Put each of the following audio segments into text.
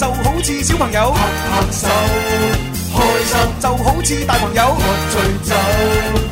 就好似小朋友拍拍手開心，開心就好似大朋友喝醉酒。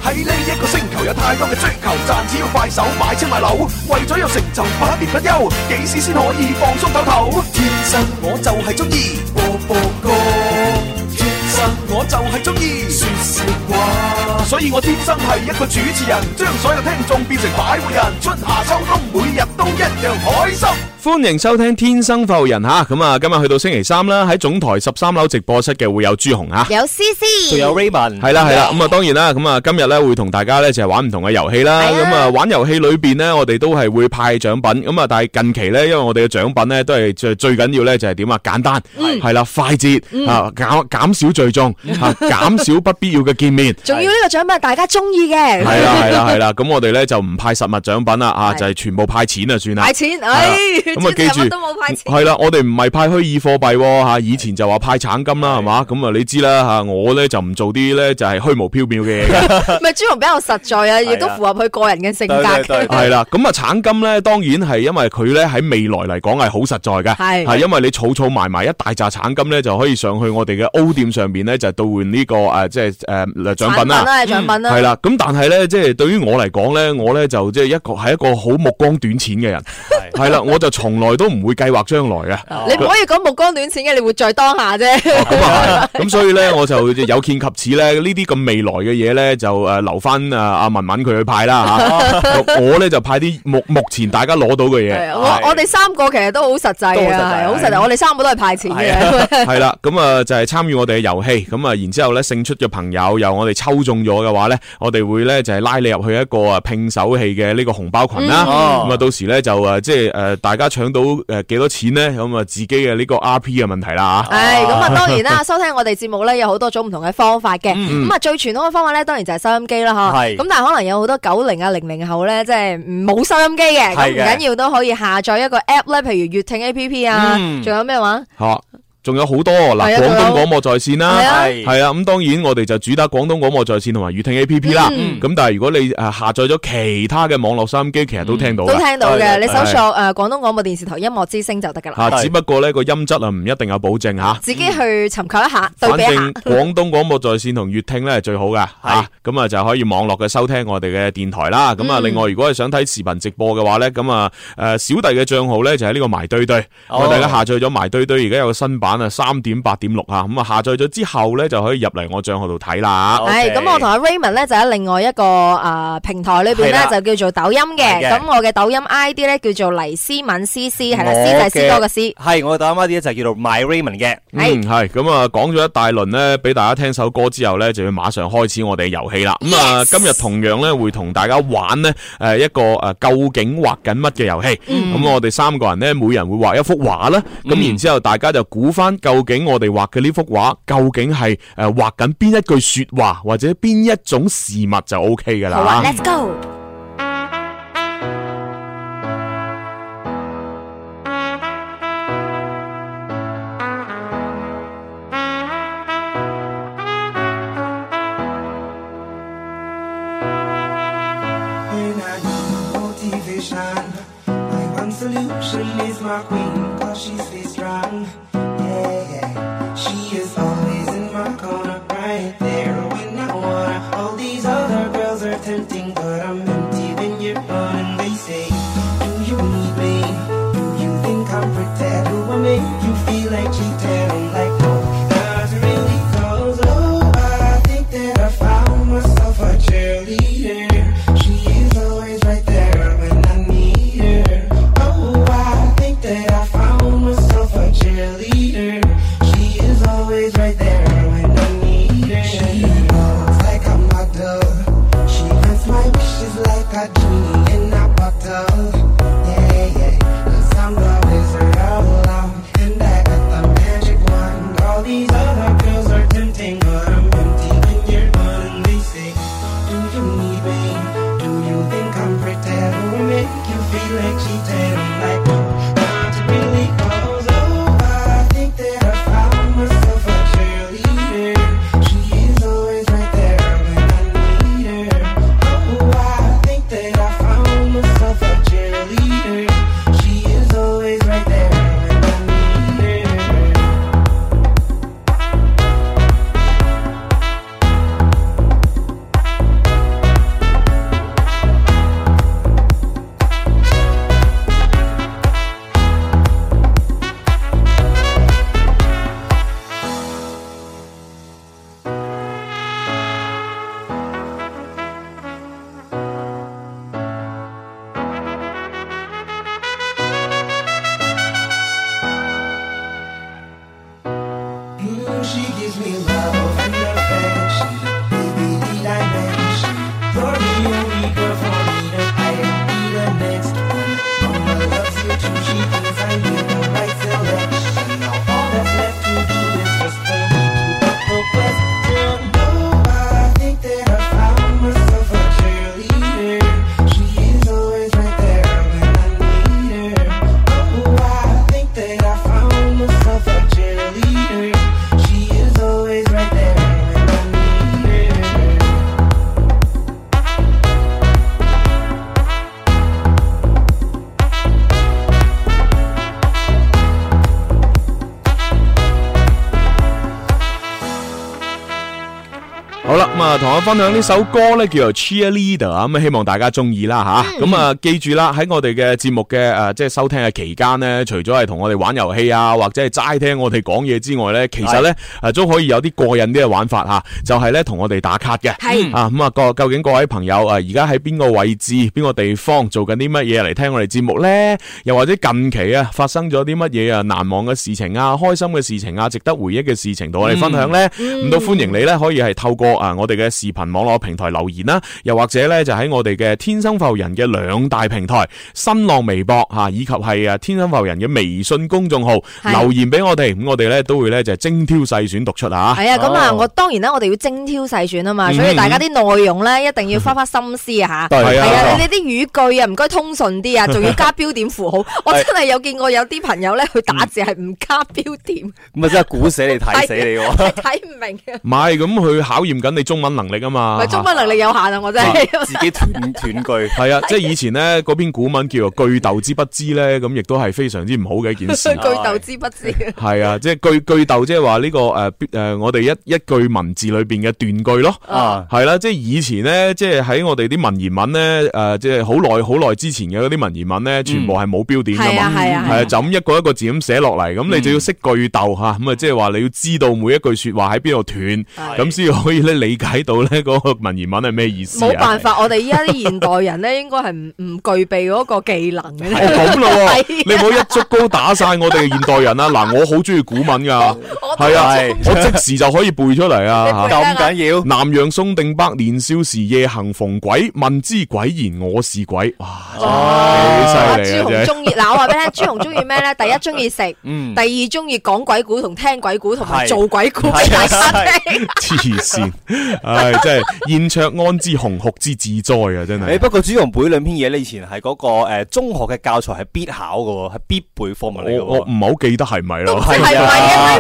喺呢一個星球有太多嘅追求，賺錢要快手買車買樓，為咗有成就百年不休，幾時先可以放鬆抖抖？天生我就係中意播播歌，波波天生我就係中意說說話，所以我天生係一個主持人，將所有聽眾變成擺貨人。春夏秋冬，每日都一樣開心。歡迎收聽天生浮人吓，咁啊今日去到星期三啦，喺總台十三樓直播室嘅會有朱紅，有 C C，仲有 Raymond 係啦係啦，咁啊、嗯、當然啦，咁啊今日咧會同大家咧就係玩唔同嘅遊戲啦，咁啊的玩遊戲裏邊咧，我哋都係會派獎品，咁啊但係近期咧因為我哋嘅獎品咧都係最最緊要咧就係點啊，簡單係啦的快捷吓，減減少聚眾吓，減少不必要嘅見面，仲 要呢個獎品大家中意嘅，係啦係啦係啦，咁我哋咧就唔派實物獎品啦啊，就係、是、全部派錢啊算啦。派錢，哎咁啊、嗯，記住都冇派錢，係啦、嗯，我哋唔係派虛擬貨幣喎，吓以前就話派橙金啦，係嘛，咁啊、嗯，你知啦吓，我咧就唔做啲咧就係、是、虛無縹緲嘅嘢。咪朱紅比較實在啊，亦、啊、都符合佢個人嘅性格。對對對對對。係啦，咁啊，橙金咧，當然係因為佢咧喺未來嚟講係好實在嘅，係因為你儲儲埋埋，埋一大扎橙金咧，就可以上去我哋嘅 O 店上面咧，就兌換呢個誒，即係誒獎品啦。獎品啦、啊，係啦、啊嗯，咁但係咧，即、呃、係對於我嚟講咧，我咧就即係一個係一個好目光短淺嘅人，係啦，我就。從來都唔會計劃將來嘅，你唔可以講目光短淺嘅，你活在當下啫。咁所以咧，我就有見及此咧，呢啲咁未來嘅嘢咧，就誒留翻，啊阿文文佢去派啦吓。我咧就派啲目目前大家攞到嘅嘢。我我哋三個其實都好實際啊，好實際。我哋三個都係派錢嘅。係啦，咁啊就係參與我哋嘅遊戲。咁啊，然之後咧勝出嘅朋友由我哋抽中咗嘅話咧，我哋會咧就係拉你入去一個啊拼手氣嘅呢個紅包群啦。咁啊到時咧就誒即係誒大家，搶到誒幾多錢咧？咁啊，自己嘅呢個 R P 嘅問題啦吓。係咁啊，當然啦， 收聽我哋節目咧有好多種唔同嘅方法嘅。咁啊、嗯，最傳統嘅方法咧，當然就係收音機啦，係是。咁但係可能有好多九零啊零零後咧，即係冇收音機嘅，咁唔緊要都可以下載一個 app 咧，譬如粵聽 A P P 啊，仲有咩話？好仲有好多嗱，廣東廣播在線啦，係啊，咁當然我哋就主打廣東廣播在線同埋粵聽 A P P 啦。咁但係如果你下載咗其他嘅網絡收音機，其實都聽到，都聽到嘅。你搜索誒廣東廣播電視台音樂之聲就得㗎啦。只不過呢個音質啊唔一定有保證嚇。自己去尋求一下對比一下。廣東廣播在線同粵聽呢係最好㗎。咁啊就可以網絡嘅收聽我哋嘅電台啦。咁啊，另外如果你想睇視頻直播嘅話呢，咁啊小弟嘅賬號呢就喺呢個埋堆堆，我哋大家下載咗埋堆堆，而家有個新版。三點八點六啊！咁啊，下載咗之後咧，就可以入嚟我賬號度睇啦。係咁，我同阿 Raymond 咧就喺另外一個誒平台裏邊咧，就叫做抖音嘅。咁是的 我嘅抖音 ID 咧叫做黎思敏 CC 係啦的，思仔思哥嘅思。係我嘅抖音 ID 就叫做 My Raymond 嘅，嗯。係咁啊，講咗一大輪呢，俾大家聽首歌之後咧，就要馬上開始我哋嘅遊戲啦。咁 Yes.、嗯、啊，今日同樣咧會同大家玩呢誒一個誒究竟畫緊乜嘅遊戲。咁、嗯嗯、我哋三個人呢，每人會畫一幅畫啦。咁然之後大家就估翻。究竟我哋畫嘅呢幅畫，究竟係誒畫緊邊一句說話，或者邊一種事物，就 OK 㗎喇。好啊，Let's go。同我分享呢首歌咧，叫做、er《Cheerleader》，咁啊，希望大家中意啦吓。咁啊,、嗯嗯、啊，記住啦，喺我哋嘅節目嘅誒、啊，即係收聽嘅期間呢，除咗係同我哋玩遊戲啊，或者係齋聽我哋講嘢之外呢，其實呢誒，都是、啊、可以有啲過癮啲嘅玩法吓、啊，就係呢同我哋打卡嘅。係是啊，咁、嗯、啊，個究竟各位朋友啊，而家喺邊個位置、邊個地方做緊啲乜嘢嚟聽我哋節目呢？又或者近期啊，發生咗啲乜嘢啊，難忘嘅事情啊，開心嘅事情啊，值得回憶嘅事情同我哋分享呢？咁都、嗯嗯、歡迎你呢，可以係透過啊，我哋嘅。視頻網絡平台留言啦，又或者咧就喺我哋嘅天生浮人嘅兩大平台新浪微博吓，以及係誒天生浮人嘅微信公眾號留言俾我哋，咁我哋咧都會咧就精挑細選讀出吓。係啊，咁啊，我當然咧，我哋要精挑細選啊嘛，所以大家啲內容咧一定要花花心思啊吓，係啊，你哋啲語句啊唔該通順啲啊，仲要加標點符號，我真係有見過有啲朋友咧佢打字係唔加標點，咁啊真係估寫你睇死你，睇唔明，嘅，唔係咁佢考驗緊你中文。能力啊嘛，唔係中文能力有限啊！我真係自己斷斷句，係啊，即係以前咧嗰篇古文叫做句讀之不知咧，咁亦都係非常之唔好嘅一件事。句讀之不知，係啊，即係句句讀，即係話呢個誒誒，我哋一一句文字裏邊嘅斷句咯，係啦，即係以前咧，即係喺我哋啲文言文咧，誒，即係好耐好耐之前嘅嗰啲文言文咧，全部係冇標點㗎嘛，係啊，就咁一個一個字咁寫落嚟，咁你就要識句讀嚇，咁啊，即係話你要知道每一句説話喺邊度斷，咁先可以咧理解。到咧個文言文係咩意思？冇辦法，我哋依家啲現代人咧，應該係唔唔具備嗰個技能嘅。好，講你唔好一竹篙打晒我哋嘅現代人啊。嗱，我好中意古文噶，係啊，我即時就可以背出嚟啊！咁緊要？南陽宋定伯，年少時夜行逢鬼，問之鬼言我是鬼。哇！啊！朱紅中意，嗱，我話俾你朱紅中意咩咧？第一中意食，第二中意講鬼故同聽鬼故同埋做鬼故。黐線。係即係燕雀安知鴻鵠之志哉啊！真係。誒，不過主要背兩篇嘢，你以前係嗰個誒中學嘅教材係必考喎，係必背課文嚟。我唔好記得係咪咯？都係咪係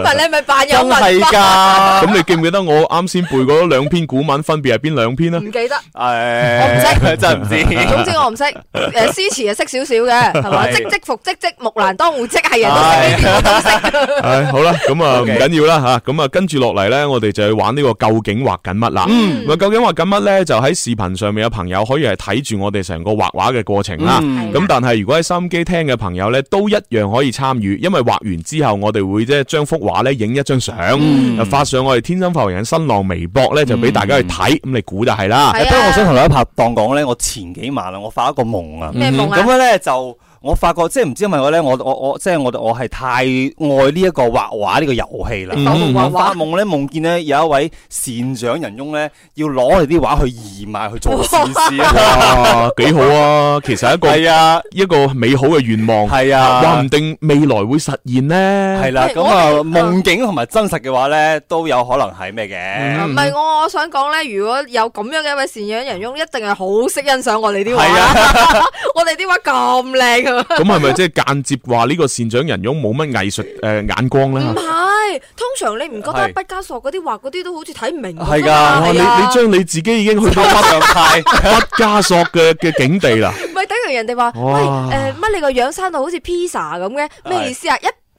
課文，你咪扮有文化都係噶。咁你記唔記得我啱先背嗰兩篇古文分別係邊兩篇咧？唔記得。係。我唔識，真係唔知。總之我唔識。誒，詩詞啊識少少嘅，係嘛？唧唧復唧唧，木蘭當戶織係人都知。係好啦，咁啊唔緊要啦吓，咁啊跟住落嚟咧，我哋就去玩呢個究竟畫緊乜啦？嗯，嗯，究竟畫緊乜呢？就喺視頻上面有朋友可以係睇住我哋成個畫畫嘅過程啦。咁、嗯、但係如果喺收音機聽嘅朋友呢，都一樣可以參與，因為畫完之後我哋會即係將幅畫呢影一張相，嗯、發上我哋天生發人新浪微博呢，就俾大家去睇。咁、嗯、你估就係啦。不過的我想同大家拍檔講呢，我前幾晚了啊，我發一個夢啊，咁樣呢就。我發覺，即係唔知係咪我咧，我我我即係我我係太愛這畫畫這、嗯嗯、畫畫呢一個畫畫呢個遊戲啦。我發夢咧，夢見咧，有一位善長仁翁咧，要攞我哋啲畫去義賣去做善事啊，幾好啊！其實一個係啊，一個美好嘅願望係啊，話唔定未來會實現咧。係啦，咁啊，夢、啊、境同埋真實嘅話咧，都有可能係咩嘅？唔係，我我想講咧，如果有咁樣嘅一位善長仁翁，一定係好識欣賞我哋啲畫，啊、我哋啲畫咁靚。咁係咪即係間接話呢個善長人翁冇乜藝術誒眼光咧？唔係，通常你唔覺得畢加索嗰啲畫嗰啲都好似睇唔明？係噶的、啊，你你將你自己已經去到北上派畢加索嘅嘅境地啦。唔係 等於人哋話，喂，誒乜你個樣生到好似披薩咁嘅，咩意思啊？一、呃。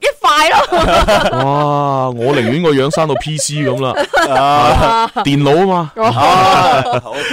一塊咯！快啊！ 哇，我寧願個樣生到 P C 咁啦，電腦啊嘛。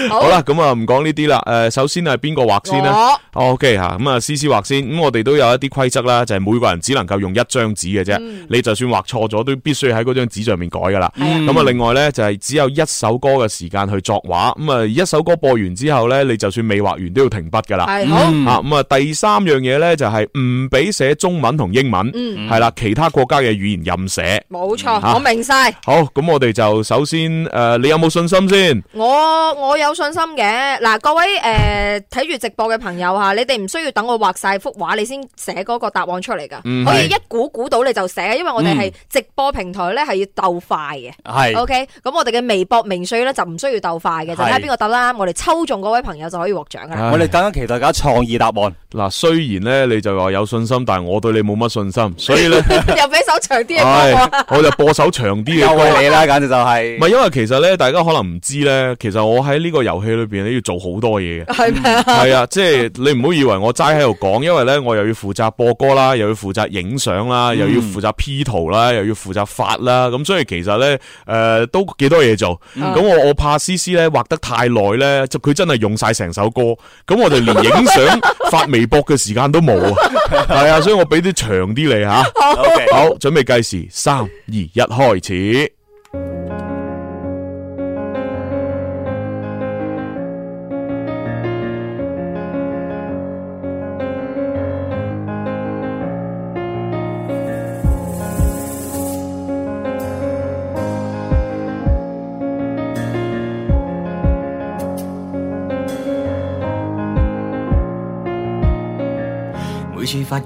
好啦，咁啊唔講呢啲啦。誒吧、嗯，首先係邊個畫先畫呢 O K 吓，咁我、okay, 啊 C C 畫先。咁、嗯、我哋都有一啲規則啦，就係、是、每個人只能夠用一張紙嘅啫。嗯、你就算畫錯咗，都必須喺嗰張紙上面改噶啦。咁啊、嗯嗯，另外咧就係、是、只有一首歌嘅時間去作畫。咁、嗯、啊，一首歌播完之後咧，你就算未畫完都要停筆噶啦。係啊、嗯。咁、嗯、啊，第三樣嘢咧就係唔俾寫中文同英文。嗯係啦，其他國家嘅語言任寫，冇錯，我明晒。好，咁我哋就首先誒，你有冇信心先？我我有信心嘅。嗱，各位誒睇住直播嘅朋友吓，你哋唔需要等我畫晒幅畫，你先寫嗰個答案出嚟噶。可以一估估到你就寫，因為我哋係直播平台咧，係要鬥快嘅。係，OK。咁我哋嘅微博名稅咧就唔需要鬥快嘅，就睇下邊個答得啱，我哋抽中嗰位朋友就可以獲獎啦。我哋等下期待大家創意答案。嗱，雖然咧你就話有信心，但係我對你冇乜信心，所以。 又俾首長啲嘅歌，我就播首長啲嘅。交俾你啦，簡直就係、是。唔係因為其實咧，大家可能唔知咧，其實我喺呢個遊戲裏邊咧，要做好多嘢嘅。係咩吧？係啊，即係 你唔好以為我齋喺度講，因為咧我又要負責播歌啦，又要負責影相啦，又要負責 P 圖啦，又要負責發啦，咁所以其實咧，誒、呃、都幾多嘢做。咁、嗯、我我怕詩詩咧畫得太耐咧，就佢真係用晒成首歌，咁我哋連影相 發微博嘅時間都冇啊。係 啊，所以我俾啲長啲你吓。啊。OK，好，準備計時，三二一，開始。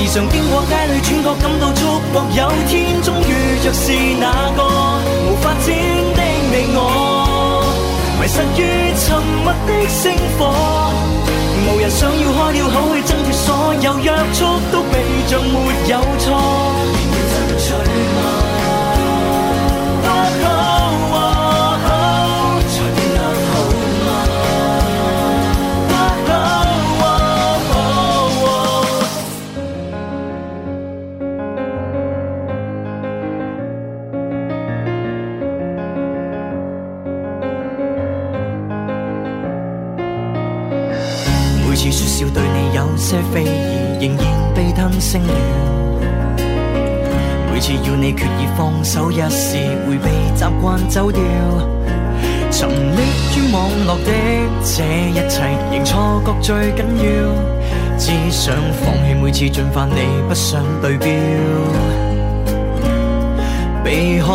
時常經過街裏，穿過感到觸目。有天終遇着是那個無法展的你，我迷失於沉默的星火，無人想要開了口去掙脫，所有約束都被像沒有錯。每次要你決意放手，一時會被習慣走掉。沉溺於網絡的這一切，仍錯覺最緊要。只想放棄每次進化，你不想對標。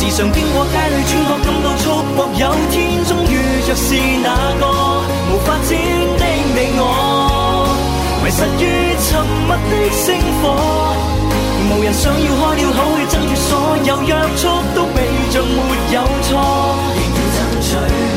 時常經過街裏轉角，穿過感到束縛，有天終遇着是那個無法展的你我，我迷失於沉默的星火，無人想要開了口去爭取，所有約束都被着「沒有錯，仍然爭取。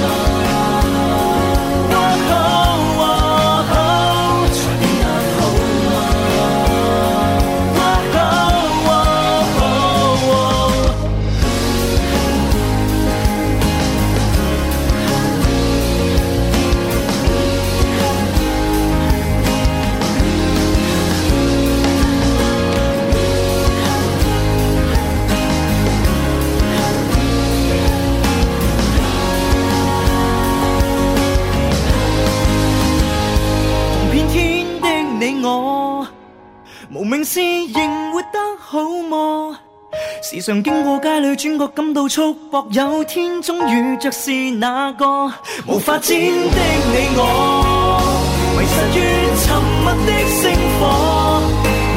永世仍活得好麼？時常經過街裏，轉角感到束縛，有天終遇着是那個無發展的你我，迷失於沉默的星火，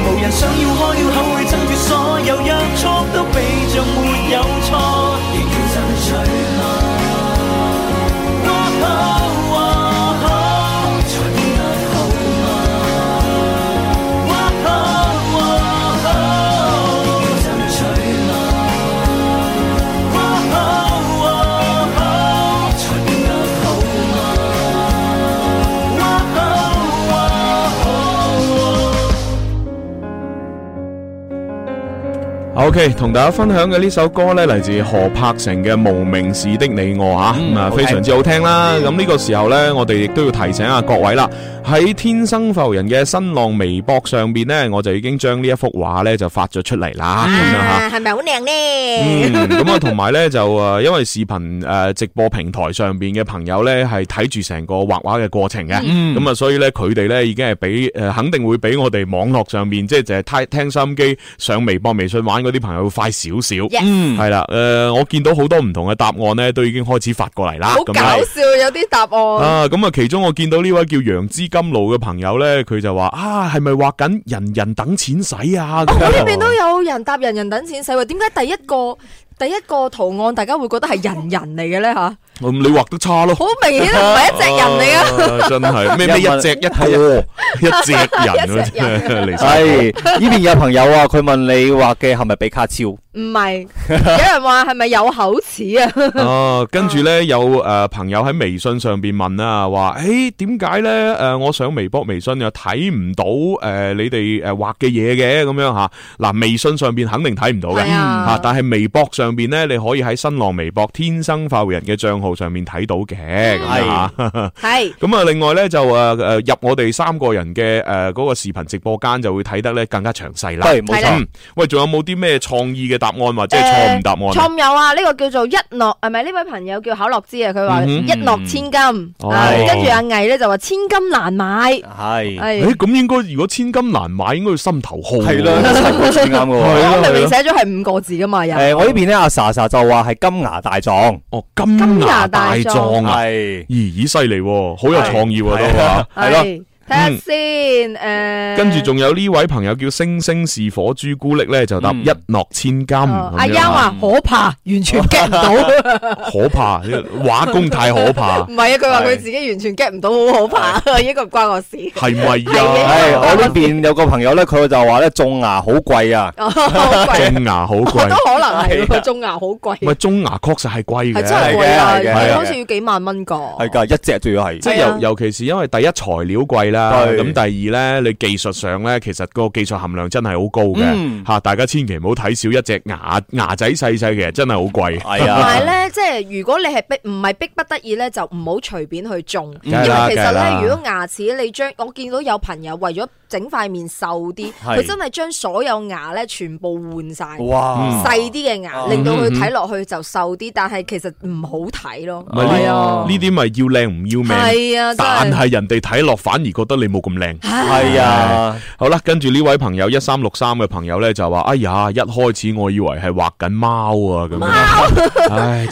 無人想要開了口去爭奪，掙所有約束都比著沒有錯。O.K.，同大家分享嘅呢首歌咧，嚟自何柏成嘅《無名氏的你我》吓，咁啊、嗯、非常之好聽啦。咁呢、嗯、個時候咧，我哋亦都要提醒下各位啦。喺天生浮人嘅新浪微博上邊咧，我就已經將呢一幅畫咧就發咗出嚟啦。咁樣吓，係咪好靚咧？咁啊，同埋咧就誒，因為視頻誒直播平台上邊嘅朋友咧係睇住成個畫畫嘅過程嘅，咁啊、嗯，所以咧佢哋咧已經係俾誒肯定會俾我哋網絡上面即係就係、是、聽聽收音機上微博、微信玩。啲朋友會快少少，Yes. 嗯，係啦，誒、呃，我見到好多唔同嘅答案咧，都已經開始發過嚟啦。好搞笑，有啲答案啊！咁啊，其中我見到呢位叫楊枝甘露嘅朋友咧，佢就話啊，係咪畫緊人人等錢使啊？我呢邊都有人答人人等錢使喎，點、欸、解第一個？第一個圖案大家會覺得係人人嚟嘅咧吓，你畫得差咯，好明顯唔係一隻人嚟 啊，啊！真係咩咩一隻一個一隻人，係呢邊有朋友啊，佢問你畫嘅係咪比卡超？唔係，有人話係咪有口齒啊？哦、 啊，跟住咧有誒、呃、朋友喺微信上邊問啊，話誒點解咧誒我上微博、微信又睇唔到誒、呃、你哋誒畫嘅嘢嘅咁樣吓？嗱、啊，微信上邊肯定睇唔到嘅吓、啊嗯，但係微博上。上邊咧你可以喺新浪微博天生發胡人嘅賬號上面睇到嘅，係咁啊！另外咧就誒誒入我哋三個人嘅誒嗰個視頻直播間就會睇得咧更加詳細啦。係冇錯。喂，仲有冇啲咩創意嘅答案或者錯誤答案？錯誤有啊，呢個叫做一諾，係咪呢位朋友叫巧樂之啊？佢話一諾千金，跟住阿毅咧就話千金難買，係咁應該如果千金難買，應該要心頭好係啦，我明明寫咗係五個字噶嘛，又我呢邊阿、啊、莎莎就話係金牙大狀，哦，金牙大狀是啊，係咦咦犀利喎，好有創意喎都係，係咯。睇下先，誒，跟住仲有呢位朋友叫星星是火朱古力咧，就答一諾千金。阿優啊，可怕，完全 get 唔到，可怕，畫工太可怕。唔係啊，佢話佢自己完全 get 唔到，好可怕。呢個唔關我事。係咪啊？我呢邊有個朋友咧，佢就話咧，種牙好貴啊，種牙好貴，都可能係個種牙好貴。唔係種牙確實係貴嘅，真係貴，係啊，好似要幾萬蚊個，係，一隻仲要係，即係尤尤其是因為第一材料貴咁第二咧，你技術上咧，其實個技術含量真係好高嘅吓，大家千祈唔好睇少一隻牙牙仔細細，其實真係好貴。同埋咧，即係如果你係逼唔係逼不得已咧，就唔好隨便去種，因為其實咧，如果牙齒你將我見到有朋友為咗整塊面瘦啲，佢真係將所有牙咧全部換晒，細啲嘅牙，令到佢睇落去就瘦啲，但係其實唔好睇咯。係啊，呢啲咪要靚唔要命？係啊，但係人哋睇落反而個，覺得你冇咁靚，係啊，好啦，跟住呢位朋友一三六三嘅朋友呢，就話，哎呀，一開始我以為係畫緊貓啊咁樣，唉，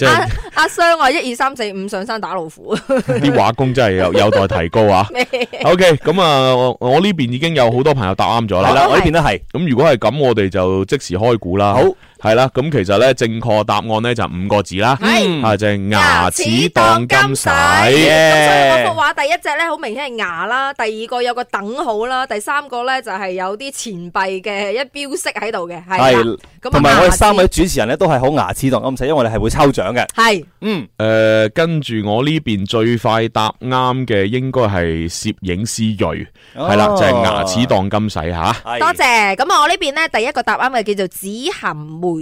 阿阿雙啊，一二三四五上山打老虎，啲畫工真係有有待提高啊。 OK，咁啊，我呢邊已經有好多朋友答啱咗啦，好，我呢邊都係。咁如果係咁，我哋就即時開估啦。好。係啦，咁其實咧正確答案咧就是五個字啦，係只、嗯、牙齒當金使。咁幅畫 Yeah! 第一隻咧好明顯係牙啦，第二個有個等號啦，第三個咧就係有啲錢幣嘅一標識喺度嘅，係咁同埋我哋三位主持人咧都係好牙齒當金使，因為我哋係會抽獎嘅。係的，嗯，誒、呃，跟住我呢邊最快答啱嘅應該係攝影師銳，係啦、哦，就係、是、牙齒當金使吓。啊、的多謝。咁我這邊呢邊咧第一個答啱嘅叫做紫含梅，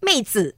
妹子。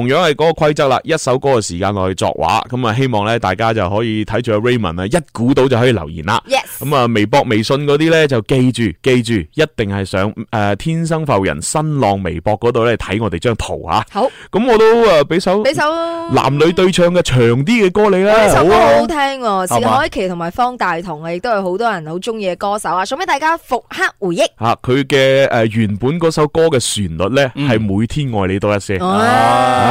同樣係嗰個規則啦，一首歌嘅時間內去作畫，咁啊希望咧大家就可以睇住 Raymond 啊，一估到就可以留言啦。咁啊 Yes 微博、微信嗰啲咧就記住記住，一定係上、呃、天生浮人新浪微博嗰度咧睇我哋張圖啊。好，咁我都啊俾首俾首男女對唱嘅長啲嘅歌嚟啦。呢首歌好、啊、好聽、哦，薛凱琪同埋方大同啊，亦都有好多人好中意嘅歌手啊。想俾大家復刻回憶。嚇、啊，佢嘅、呃、原本嗰首歌嘅旋律咧係、嗯、每天愛你多一些。啊啊。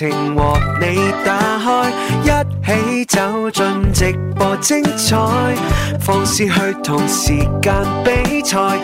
情和你打開，一起走進直播精彩，放肆去同時間比賽。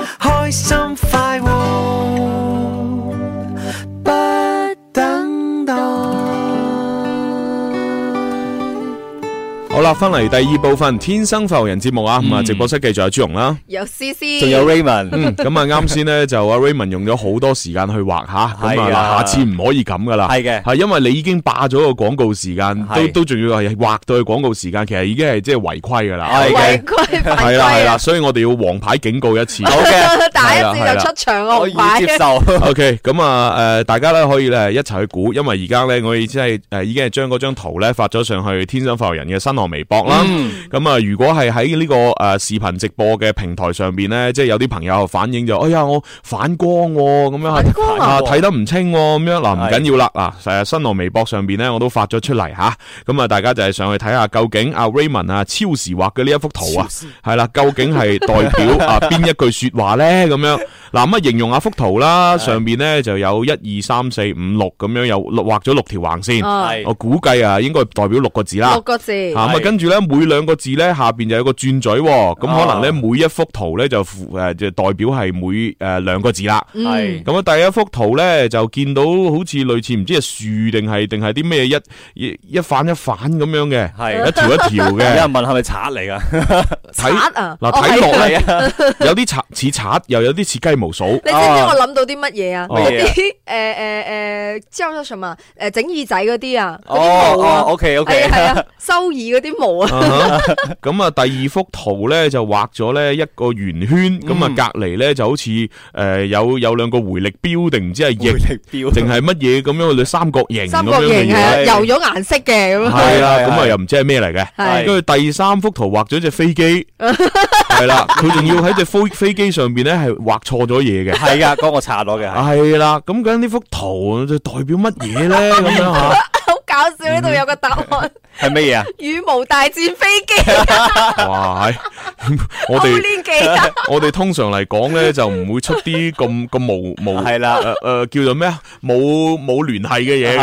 翻嚟第二部分《天生浮人》節目啊，咁啊直播室繼續有朱融啦，有 C C，仲有 Raymond，咁啊啱先咧就阿 Raymond 用咗好多時間去畫吓，咁啊，下次唔可以咁噶啦，係嘅，係因為你已經霸咗個廣告時間，都都仲要係畫到去廣告時間，其實已經係即係違規噶啦，違規，係啦係啦，所以我哋要黃牌警告一次，OK 第一次就出場個，可以接受，OK，咁啊誒，大家咧可以咧一齊去估，因為而家咧我哋即係誒已經係將嗰張圖咧發咗上去《天生浮人》嘅新浪微博啦，咁啊、嗯，如果係喺呢個誒視頻直播嘅平台上邊咧，即係有啲朋友反映就，哎呀，我反光咁樣，啊睇得唔清咁樣嗱，唔緊要啦，嗱，成日新浪微博上邊咧，我都發咗出嚟吓，咁啊，大家就係上去睇下究竟阿 Raymond 啊超時畫嘅呢一幅圖啊，係啦，究竟係代表啊邊一句說話咧咁樣。嗱，咁啊，形容一下幅圖啦，上面咧就有一二三四五六咁樣，有畫咗六條橫線，我估計啊，應該代表六個字啦。六個字。咁啊，跟住咧每兩個字咧下邊就有個轉嘴，咁、嗯、可能咧每一幅圖咧就誒、呃、就代表係每誒兩、呃、個字啦。係是。咁啊、嗯嗯，第一幅圖咧就見到好似類似唔知係樹定係定係啲咩一一,一反一反咁樣嘅，係是一條一條嘅。有人問係咪賊嚟噶？賊啊！嗱，睇落嚟啊，有啲賊似賊，又有啲似雞毛數，你知唔知我諗到啲乜嘢啊？啲誒誒誒，之後咧什麼誒，整耳仔嗰啲啊，嗰啲毛啊，OK OK，係啊，修耳嗰啲毛啊。咁啊，第二幅圖咧就畫咗咧一個圓圈，咁啊，隔籬咧就好似誒有有兩個回力標定唔知係回力標定係乜嘢咁樣嘅三角形，三角形係啊，油咗顏色嘅咁樣，係啊，咁啊又唔知係咩嚟嘅。跟住第三幅圖畫咗隻飛機。係啦，佢仲 要喺隻飛飛機上邊咧，係畫錯咗嘢嘅。係、呀、噶、個，幫我擦咗嘅。係啦， 咁究竟呢幅圖就代表乜嘢咧？咁樣吓！搞笑，呢度有個答案係乜嘢啊？羽毛大戰飛機哇！我哋我哋通常嚟講咧就唔會出啲咁咁無無係啦誒誒，叫做咩啊？冇冇聯繫嘅嘢嘅係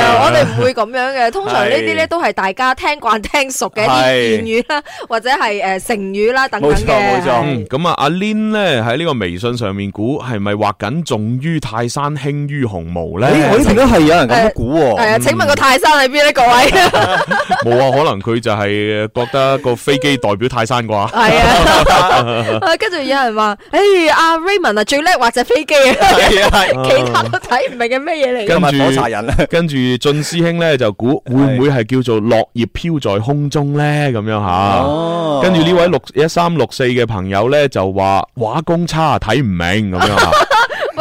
啊！我哋唔會咁樣嘅，通常呢啲咧都係大家聽慣聽熟嘅一啲諺語啦，或者係誒成語啦，等等嘅。冇錯冇錯。咁啊阿 Lin 咧喺呢個微信上面估係咪畫緊重於泰山輕於鴻毛咧？我呢邊都係有人咁估喎。係啊，請問個泰？山喺邊咧？各位，冇啊， 可能佢就係覺得個飛機代表泰山啩。係 啊，跟住有人話，哎，阿、啊、Raymond 啊，最叻畫隻飛機啊，啊 其他都睇唔明嘅咩嘢嚟。跟住火柴人咧，跟住俊師兄咧就估會唔會係叫做落葉飄在空中咧咁樣吓。哦，跟住呢位六一三六四嘅朋友咧就說話畫工差，睇唔明咁樣吓。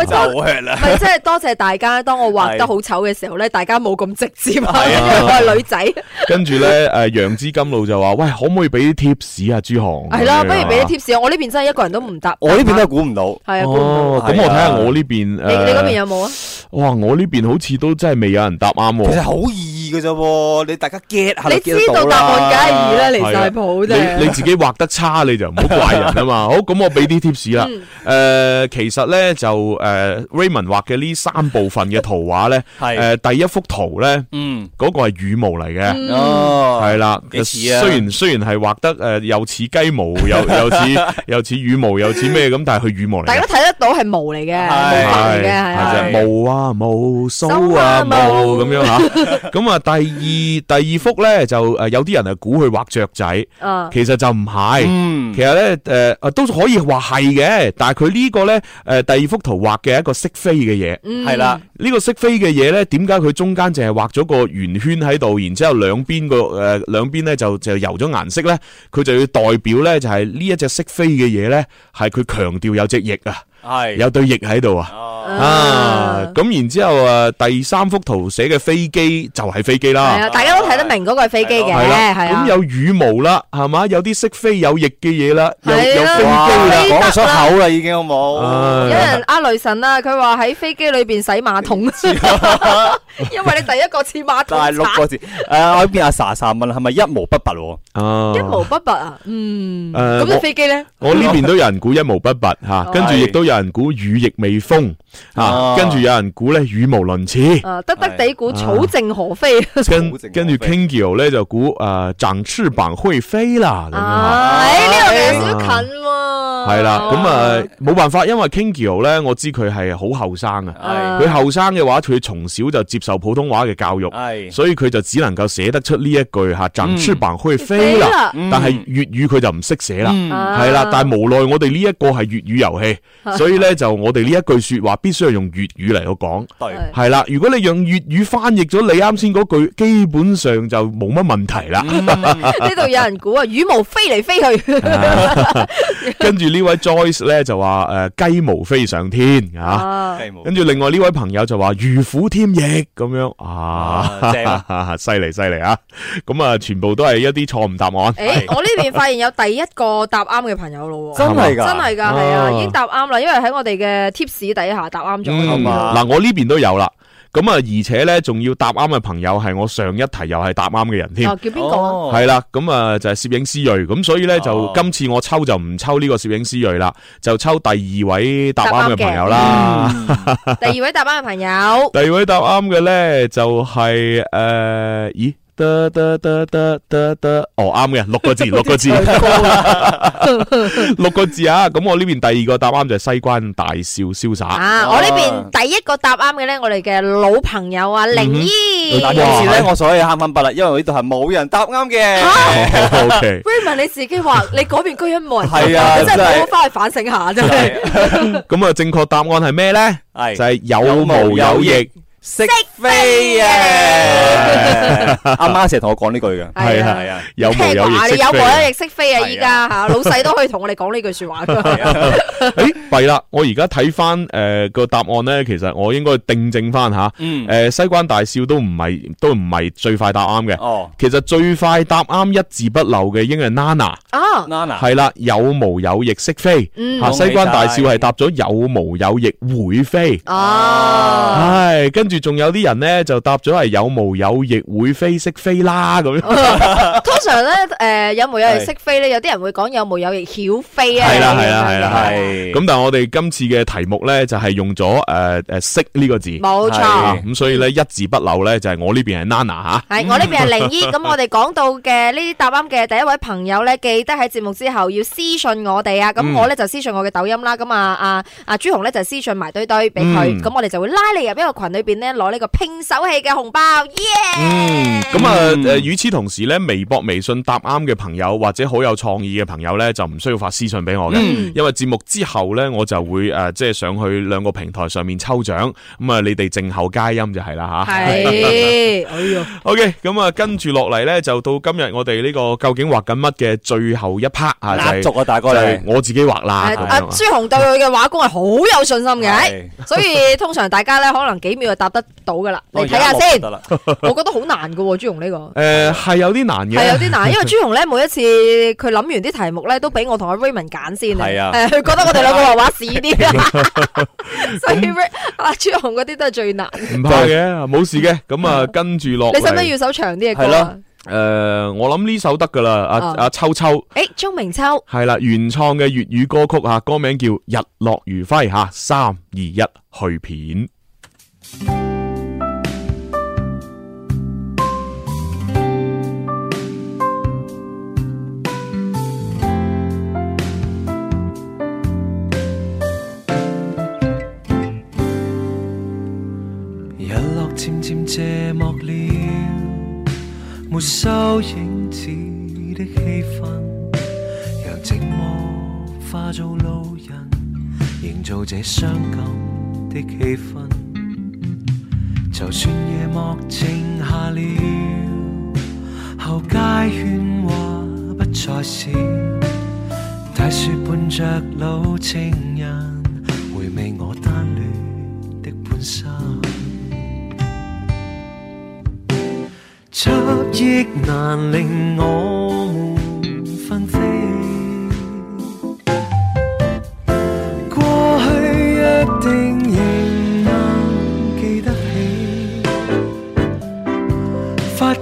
好香啦！即係多謝大家，當我畫得好醜嘅時候咧，大家冇咁直接，因為我係女仔。跟住咧，誒，楊枝甘露就話，喂，可唔可以俾啲 tips 啊？朱航係咯，不如俾啲 tips。」我呢邊真係一個人都唔答，我呢邊都係估唔到。係啊，估唔到。咁我睇下我呢邊，你你嗰邊有冇啊？哇，我呢邊好似都真係未有人答啱。其實好易。你大家 get 下，你知道答案梗係易啦，離晒譜啫。你你自己畫得差，你就唔好怪人啊嘛。好，咁我俾啲 tips 啦。誒，其實咧就誒 Raymond 畫嘅呢三部分嘅圖畫咧，係誒第一幅圖咧，嗯，嗰個係羽毛嚟嘅，哦，係啦，雖然雖然係畫得誒又似雞毛，又又似又似羽毛，又似咩咁，但係佢羽毛嚟。大家都睇得到係毛嚟嘅，係嘅，係毛啊毛鬚啊毛咁樣嚇，咁啊。第二第二幅咧就誒、呃、有啲人係估佢畫雀仔，哦、其實就唔係，嗯、其實咧誒啊都可以話係嘅，但係佢呢個咧誒第二幅圖畫嘅一個識飛嘅嘢係啦，這個、呢個識飛嘅嘢咧點解佢中間淨係畫咗個圓圈喺度，然之後兩邊個誒兩邊咧就就油咗顏色咧，佢就要代表咧就係、是、呢一隻識飛嘅嘢咧係佢強調有隻翼啊。係有對翼喺度啊！啊，咁然之後啊，第三幅圖寫嘅飛機就係飛機啦。係啊，大家都睇得明嗰個係飛機嘅。係啦，咁有羽毛啦，係嘛？有啲識飛有翼嘅嘢啦，有有飛機啦，講出口啦，已經好冇。有人阿雷神啦，佢話喺飛機裏邊洗馬桶。因為你第一個似馬桶。但係六個字。誒，我見阿傻傻問，係咪一毛不拔咯？一毛不拔啊？嗯。咁你飛機咧？我呢邊都有人估一毛不拔吓，跟住亦都有人估羽翼未豐，吓、啊，跟住有人估咧語無倫次、啊，得得地估草正何飛，啊、何跟跟住 Kingsley 咧就估，誒、呃，長翅膀會飛啦，哎、啊，呢個咁近嘛、啊？啊。係啦，咁啊，冇辦法，因為 k i n g k i o 咧，我知佢係好後生啊。係佢後生嘅話，佢從小就接受普通話嘅教育，係，所以佢就只能夠寫得出呢一句吓，長翅膀可以飛啦。但係粵語佢就唔識寫啦，係啦。但係無奈我哋呢一個係粵語遊戲，所以咧就我哋呢一句說話必須要用粵語嚟去講。對，係啦。如果你用粵語翻譯咗你啱先嗰句，基本上就冇乜問題啦。呢度有人估啊，羽毛飛嚟飛去，跟住。這位呢位 Joyce 咧就話，誒，雞毛飛上天啊，跟住另外呢位朋友就話如虎添翼咁樣啊，正啊，犀利犀利啊，咁啊， 啊全部都係一啲錯誤答案。誒、欸，是我呢邊發現有第一個答啱嘅朋友咯， 真係噶，真係噶，係啊，已經答啱啦，因為喺我哋嘅 Tips 底下答啱咗。嗱，我呢邊都有啦。咁啊，而且咧，仲要答啱嘅朋友係我上一題又係答啱嘅人添。哦、叫啊，叫邊個？係啦，咁啊，就係攝影師睿，咁所以咧就今次我抽就唔抽呢個攝影師睿啦，就抽第二位答啱嘅朋友啦。嗯、 第二位答啱嘅朋友。第二位答啱嘅咧就係、是、誒、呃，咦？得得得得得得，哦啱嘅六個字，六個字， 六個字啊！咁我呢邊第二個答啱就係西關大笑瀟灑啊！我呢邊第一個答啱嘅咧，我哋嘅老朋友啊，靈、嗯、依，呢次咧我所以喊翻白啦，因為我呢度係冇人答啱嘅。啊啊、o、okay. k Raymond 你自己話你嗰邊居然冇人答啱，你真係要翻去反省下真係。咁啊，就是就是、 正確答案係咩咧？係就係、是、有毛有翼。有識飛啊！阿媽成日同我講呢句嘅，係啊係啊，有毛有翼識飛。有毛有翼識飛啊！依家吓老細都可以同我哋講呢句說話。誒，弊啦，我而家睇翻誒，個答案咧，其實我應該定正翻吓。誒，西關大少都唔係，都唔係最快答啱嘅。哦。其實最快答啱一字不漏嘅，應該係 Nana。哦，Nana。係啦，有毛有翼識飛。西關大少係答咗有毛有翼會飛。係，跟住。仲有啲人咧就答咗係有毛有翼會飛識飛啦咁樣，通常咧誒，有毛有翼識飛咧，有啲人會講有毛有翼曉飛啊。係啦係啦係啦係。咁但係我哋今次嘅題目咧就係用咗誒誒識呢個字，冇錯。咁所以咧一字不漏咧就係我呢邊係 Nana 吓，係我呢邊係靈醫。咁我哋講到嘅呢啲答啱嘅第一位朋友咧，記得喺節目之後要私信我哋啊。咁我咧就私信我嘅抖音啦。咁啊啊啊朱紅咧就私信埋堆堆俾佢。咁我哋就會拉你入一個群裏邊。攞呢個拼手氣嘅紅包，yeah! 嗯，咁啊、嗯，誒，與此同時咧，微博、微信答啱嘅朋友或者好有創意嘅朋友咧，就唔需要發私信俾我嘅，嗯、因為節目之後咧，我就會誒，即係上去兩個平台上面抽獎。咁、嗯、啊，你哋靜候佳音就係啦，吓係。哎喲，OK，咁啊，跟住落嚟咧，就到今日我哋呢個究竟畫緊乜嘅最後一 part 啊，蠟、就是、啊，大哥你，我自己畫啦。阿、呃啊、朱紅對佢嘅畫工係好有信心嘅，所以通常大家咧可能幾秒就答得到噶啦，你睇下先。我覺得好難噶，朱紅呢個。誒，係有啲難嘅。係有啲難，因為朱紅咧，每一次佢諗完啲題目咧，都俾我同阿 Raymond 揀先啊。係啊，誒，佢覺得我哋兩個畫畫屎啲啊，所以阿朱紅嗰啲都係最難。唔怕嘅，冇事嘅。咁啊，跟住落。你使唔使要首長啲嘅歌？係咯。誒，我諗呢首得噶啦。阿阿秋秋，誒，鍾明秋。係啦，原創嘅粵語歌曲啊，歌名叫《日落如輝》吓，三二一去片。日落漸漸謝幕了，沒收影子的氣氛，讓寂寞化做路人，營造這傷感的氣氛。就算夜幕靜下了，後街喧嘩不再，是大雪伴着老情人，回味我單戀的半生，積憶難令我。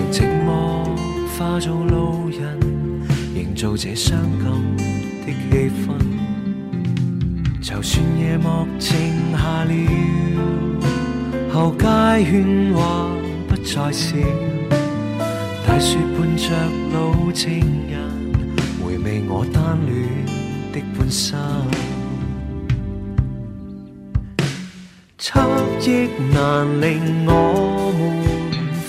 任寂寞化做路人，營造這傷感的氣氛。就算夜幕靜下了，後街喧嘩不再少。大雪伴着老情人，回味我單戀的半生。秋意難令我們。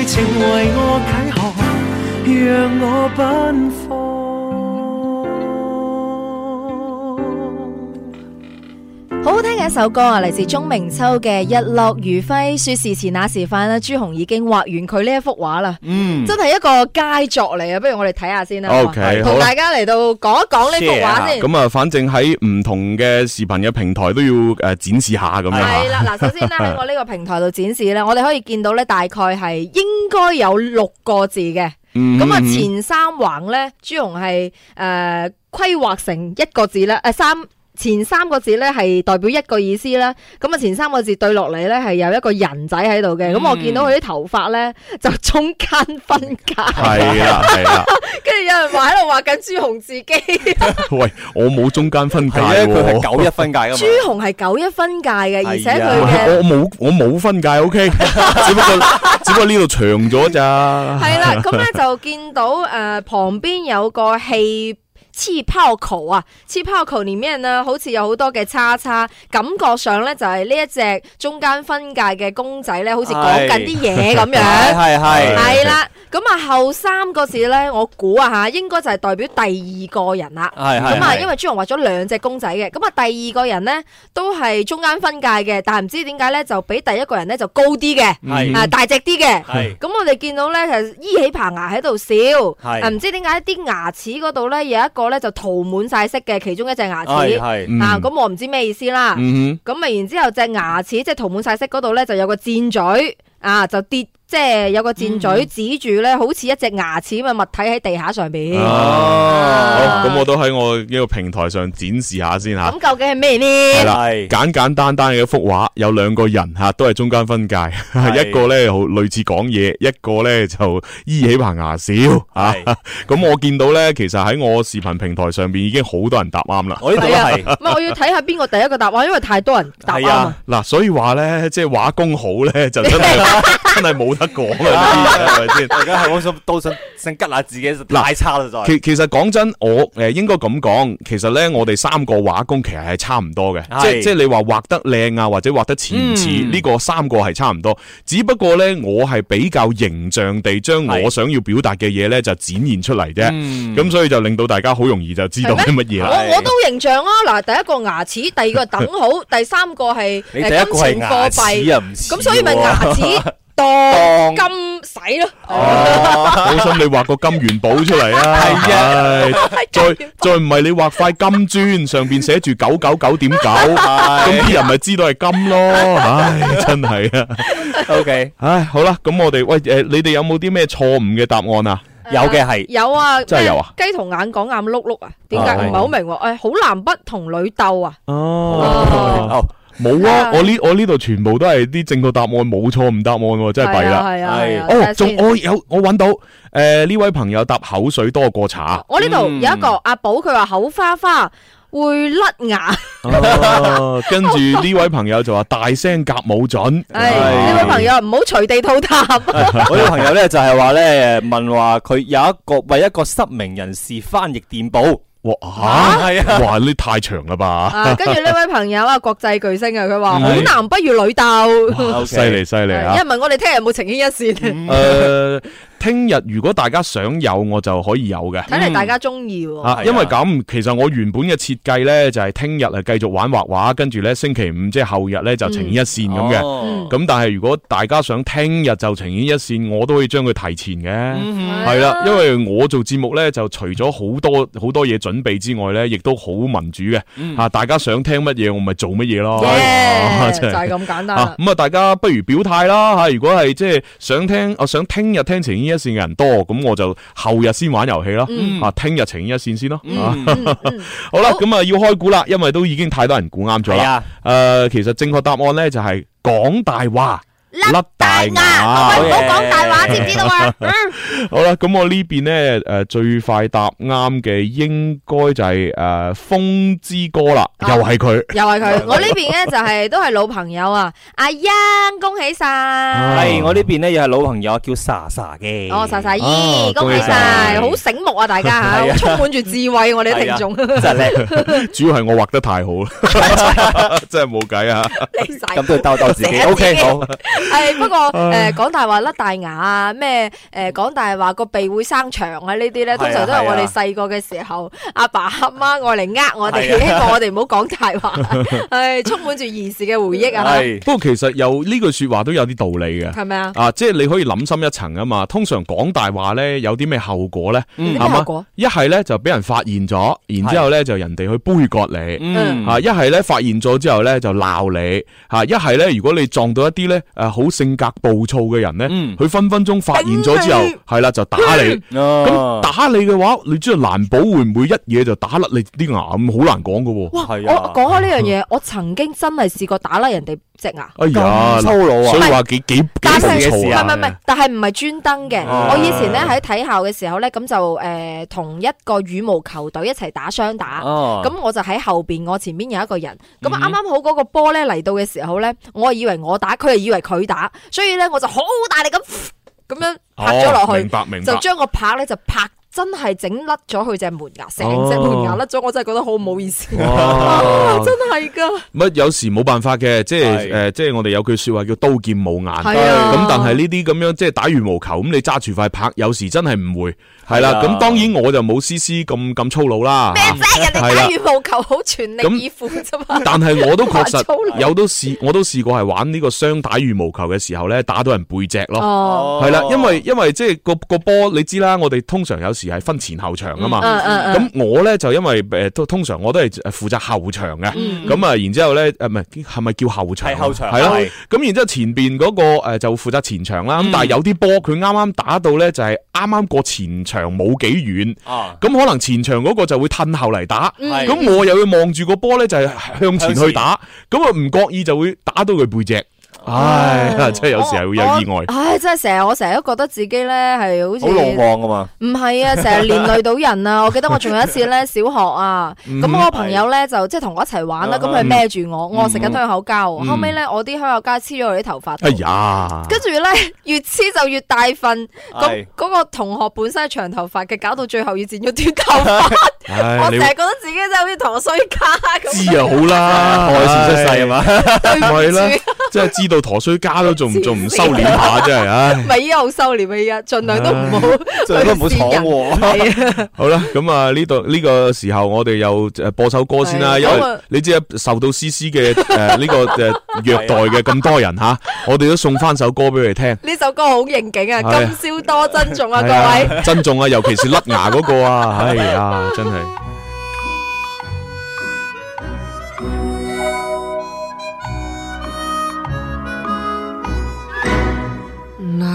愛情為我啟航，讓我奔放。一首歌啊，嚟自鍾明秋嘅《日落如輝》，說時遲那時快啦，朱紅已經畫完佢呢一幅畫啦，嗯，真係一個佳作嚟啊！不如我哋睇下先啦，OK，好，同大家嚟到講一講呢幅畫先。咁啊，反正喺唔同嘅視頻嘅平台都要誒、呃、展示下咁樣下。係啦，嗱，首先咧喺我呢個平台度展示咧， 我哋可以見到咧大概係應該有六個字嘅，咁啊、嗯、前三橫咧朱紅係誒規劃成一個字啦，誒、呃、三。前三個字咧係代表一個意思啦，咁啊前三個字對落嚟咧係有一個人仔喺度嘅，咁、嗯、我見到佢啲頭髮咧就中間分界，係啊，跟住、啊、 有人話喺度畫緊朱紅自己。 喂，我冇中間分界佢、啊、係、啊、九一分界嘅朱紅係九一分界嘅，係啊、而且佢我冇我冇分界，OK，只不過 只不過呢度長咗、啊、這呢度長咗咋。係啦，咁咧就見到誒、呃、旁邊有個氣。黐泡球啊，黐泡球 p o 連名，好似有好多嘅叉叉。感覺上咧就係、是、呢一隻中間分界嘅公仔咧，好似講緊啲嘢，咁樣，係係係啦，咁啊後三個字咧，我估啊吓，應該就係代表第二個人啦，咁啊麼因為朱紅畫咗兩隻公仔嘅，咁啊第二個人咧都係中間分界嘅，但係唔知點解咧就比第一個人咧就高啲嘅，啊是、呃、大隻啲嘅，咁是我哋見到咧係依起棚牙喺度笑，唔是知點解啲牙齒嗰度咧有一個。.咧就塗滿晒色嘅，其中一隻牙齒，哎嗯、啊，咁我唔知咩意思啦。咁啊、嗯哼，然之後隻牙齒即係塗滿晒色嗰度咧，就，是、就有個箭嘴，啊，就跌。即係有個箭嘴指住咧，好似一隻牙齒咁嘅物體喺地下上邊。咁我都喺我呢個平台上展示下先吓。咁、嗯啊、究竟係咩呢？係啦，簡簡單單嘅一幅畫，有兩個人吓、啊，都係中間分界，是一個咧好類似講嘢，一個咧就依起棚牙笑咁是、啊、我見到咧，其實喺我視頻平台上邊已經好多人答啱啦。我呢度、啊、我要睇下邊個第一個答案， 因為太多人答啱啊。嗱、啊，所以話咧，即係畫功好咧，就真係 真係冇。得講啊，係咪先？大家係好想都想想吉下自己，嗱，差啦，再。其其實講真，我誒應該咁講，其實咧我哋三個畫工其實係差唔多嘅，即即係你話畫得靚啊，或者畫得似唔似呢個三個係差唔多，只不過咧我係比較形象地將我想要表達嘅嘢咧就展現出嚟啫，咁所以就令到大家好容易就知道係乜嘢啦。我我都形象啊，嗱，第一個牙齒，第二個等好，第三個係金錢貨幣，咁所以咪牙齒。當金使咯，好心你畫個金元寶出嚟啦，係再再唔係你畫塊金磚，上邊寫住九九九點九，咁啲人咪知道係金咯，唉，真係啊，OK，唉，好啦，咁我哋喂誒，你哋有冇啲咩錯誤嘅答案啊？有嘅係，有啊，真係有啊，雞同眼講眼碌碌啊，點解唔係好明？誒，好男不同女鬥啊，哦。冇啊！我呢我呢度全部都係啲正確答案，冇錯唔答案喎，真係弊啦！係哦，仲我有我揾到誒呢位朋友答口水多過茶。我呢度有一個阿寶，佢話口花花會甩牙。跟住呢位朋友就話大聲夾冇準。係呢位朋友唔好隨地吐痰。我呢位朋友咧就係話咧問話佢有一個為一個失明人士翻譯電報。哇！吓、啊，啊、哇！你太長啦吧？跟住呢位朋友啊， 國際巨星啊，佢話好男不如女鬥，犀利犀利啊！一問我哋聽日有冇情牽一線？誒、嗯。呃聽日如果大家想有，我就可以有嘅、嗯。睇嚟大家中意喎。因為咁，其實我原本嘅設計呢，就係聽日係繼續玩畫畫，跟住呢，星期五即係後日呢，就呈現一線咁嘅。咁、嗯哦嗯、但係如果大家想聽日就呈現一線，我都可以將佢提前嘅。係啦，因為我做節目呢，就除咗好多好多嘢準備之外呢，亦都好民主嘅。嗯、啊，大家想聽乜嘢，我咪做乜嘢咯。就係、是、咁簡單咁啊、嗯，大家不如表態啦吓。如果係即係想聽，我、啊、想聽日聽呈現。一線嘅人多，咁我就後日先玩遊戲咯。啊、嗯，聽日整一線先咯。嗯嗯嗯、 好啦，咁啊好要開估啦，因為都已經太多人估啱咗啦。誒、啊呃，其實正確答案呢就係講大話。甩大牙，我咪唔好講大話，知唔知道啊？好啦，咁我呢邊咧，誒，最快答啱嘅應該就係誒《風之歌》啦，又係佢，又係佢。我呢邊咧就係都係老朋友啊，阿欣，恭喜晒！係我呢邊咧又係老朋友，叫莎莎嘅。哦，莎莎，咦，恭喜晒，好醒目啊！大家吓，充滿住智慧，我哋啲聽眾，真係叻。主要係我畫得太好啦，真係冇計啊！咁都係兜兜自己，OK，好。係不過，誒，講大話甩大牙啊咩，誒，講大話個鼻會生長啊，呢啲咧通常都係我哋細個嘅時候阿爸阿媽愛嚟呃我哋，希望我哋唔好講大話，係充滿住兒時嘅回憶啊。係不過其實有呢句說話都有啲道理嘅，係咪啊？啊，即係你可以諗深一層啊嘛。通常講大話咧有啲咩後果咧？咩後果？一係咧就俾人發現咗，然之後咧就人哋去杯葛你，吓，一係咧發現咗之後咧就鬧你，吓，一係咧如果你撞到一啲咧誒。好性格暴躁嘅人咧，佢、嗯、分分鐘發現咗之後，係啦是就打你。咁 打你嘅話，你知道難保會唔會一嘢就打甩你啲牙，好難講㗎喎。哇的我講開呢樣嘢，的我曾經真係試過打甩人哋。哎呀粗魯啊！是所以話，幾幾是幾聲唔唔但係唔係專登嘅。啊、我以前咧喺體校嘅時候咧，咁就誒同、呃、一個羽毛球隊一齊打雙打，咁、啊、我就喺後邊，我前邊有一個人，咁啱啱好嗰個波咧嚟到嘅時候咧，嗯、哼我以為我打，佢係以為佢打，所以咧我就好大力咁咁、呃、樣拍咗落去，哦、明白明白就將個拍咧就拍。真係整甩咗佢隻門牙，成隻門牙甩咗，我真係覺得好唔好意思哇、啊、真係㗎乜？有時冇辦法嘅，即係誒的、呃，即係我哋有句說話叫刀劍冇眼，咁的的但係呢啲咁樣即係打羽毛球，咁你揸住塊拍，有時真係唔會係啦。咁的的當然我就冇思思咁咁粗魯啦。咩啫？啊、人哋打羽毛球好全力以赴啫嘛。是的 但係我都確實有都試，我都試過係玩呢個雙打羽毛球嘅時候咧，打到人背脊咯。係啦、啊，因為因為即係個個波，你知啦，我哋通常有。事係分前後場啊嘛，咁、嗯嗯、我咧就因為誒都通常我都係負責後場嘅，咁啊、嗯嗯、然之後咧誒唔係係咪叫後場、啊？係後場，係咯、啊。咁是然之後前邊嗰個誒就負責前場啦。咁、嗯、但係有啲波佢啱啱打到咧就係啱啱過前場冇幾遠，咁、啊、可能前場嗰個就會褪後嚟打，咁、嗯、我又會望住個波咧就係向前去打，咁啊唔覺意就會打到佢背脊。唉，真係有時會有意外。唉，真係成日我成日都覺得自己咧係好似好魯莽啊嘛。唔係啊，成日連累到人啊。我記得我仲有一次咧，小學啊，咁我個朋友咧就即係同我一齊玩啦。咁佢孭住我，我食緊香口膠。後尾咧，我啲香口膠黐咗我啲頭髮。哎呀！跟住咧越黐就越大份。嗰個同學本身係長頭髮嘅，搞到最後要剪咗短頭髮。我成日覺得自己真係好似同我衰家咁。知就好啦，害處即係嘛。知道陀衰家都仲仲唔收斂下，真係啊。咪依家好收斂咪啊，盡量都唔好，都唔好坐喎。係好啦，咁啊呢度呢個時候，我哋又播首歌先啦，因為你知受到思思嘅呢個誒虐待嘅咁多人吓，我哋都送翻首歌俾佢聽。呢首歌好應景啊，今宵多珍重啊，各位珍重啊，尤其是甩牙嗰個啊，哎呀，真係。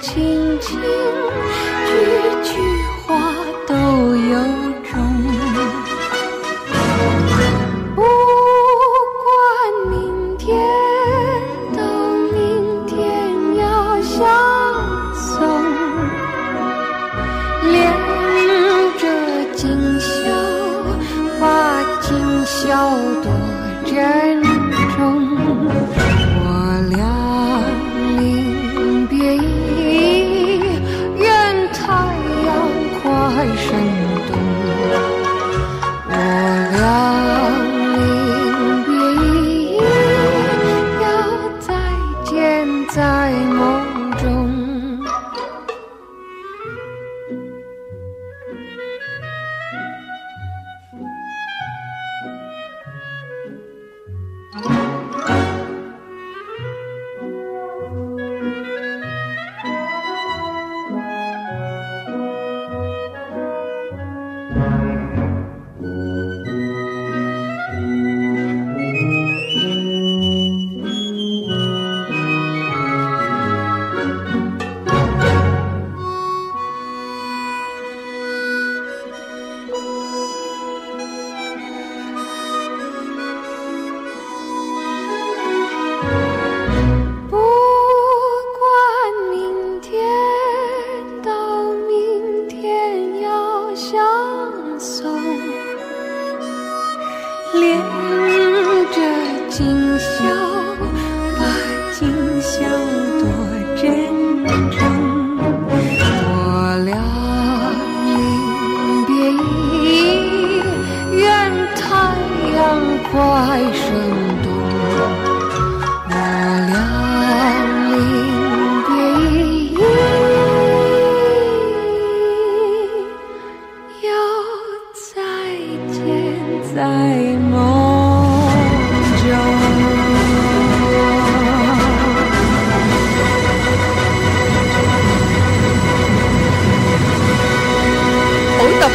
輕輕句句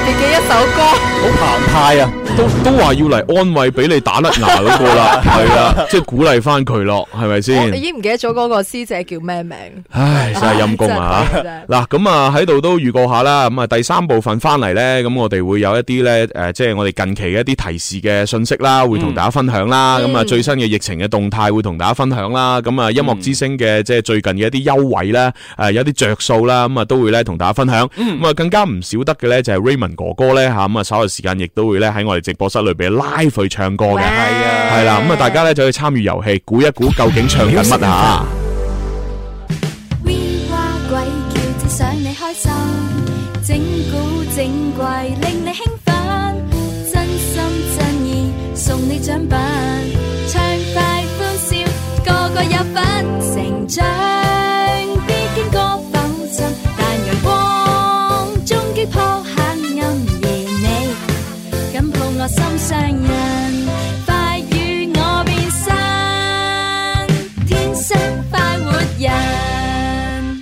你嘅一首歌，好澎湃啊！都都話要嚟安慰俾你打甩牙嗰個啦，係啊， 即係鼓勵翻佢咯，係咪先？你已唔記得咗嗰個師姐叫咩名？唉，真係陰公啊！嗱， 咁啊喺度都預告下啦，咁啊第三部分翻嚟咧，咁我哋會有一啲咧誒，即係我哋近期嘅一啲提示嘅信息啦，嗯、會同大家分享啦。咁啊最新嘅疫情嘅動態會同大家分享啦。咁啊音樂之聲嘅即係最近嘅一啲優惠咧，誒有啲着數啦，咁啊都會咧同大家分享。咁啊更加唔少得嘅咧就係 Ray 文哥哥咧嚇咁啊，稍後時間亦都會咧喺我哋直播室裏邊 live 去唱歌嘅，係啊，係啦，咁啊大家咧就可以參與遊戲，估一估究竟唱緊乜嘢啊！快活人。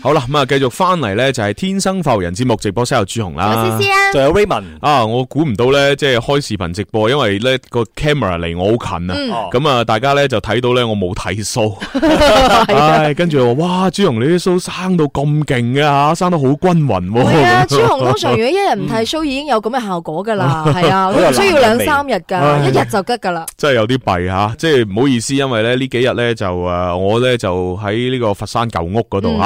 好啦，咁啊，繼續翻嚟咧，就係天生浮人節目直播室。有朱紅啦，仲有 Raymond 啊！我估唔到咧，即係開視頻直播，因為咧個 camera 離我好近啊，咁啊，大家咧就睇到咧我冇睇 show。跟住話哇，朱紅你啲 show 生到咁勁啊，生得好均匀喎！係啊，朱紅通常如果一日唔睇 show，已經有咁嘅效果噶啦，係啊，都唔需要兩三日噶，一日就得噶啦。真係有啲弊吓，即係唔好意思，因為咧呢幾日咧就誒，我咧就喺呢個佛山舊屋嗰度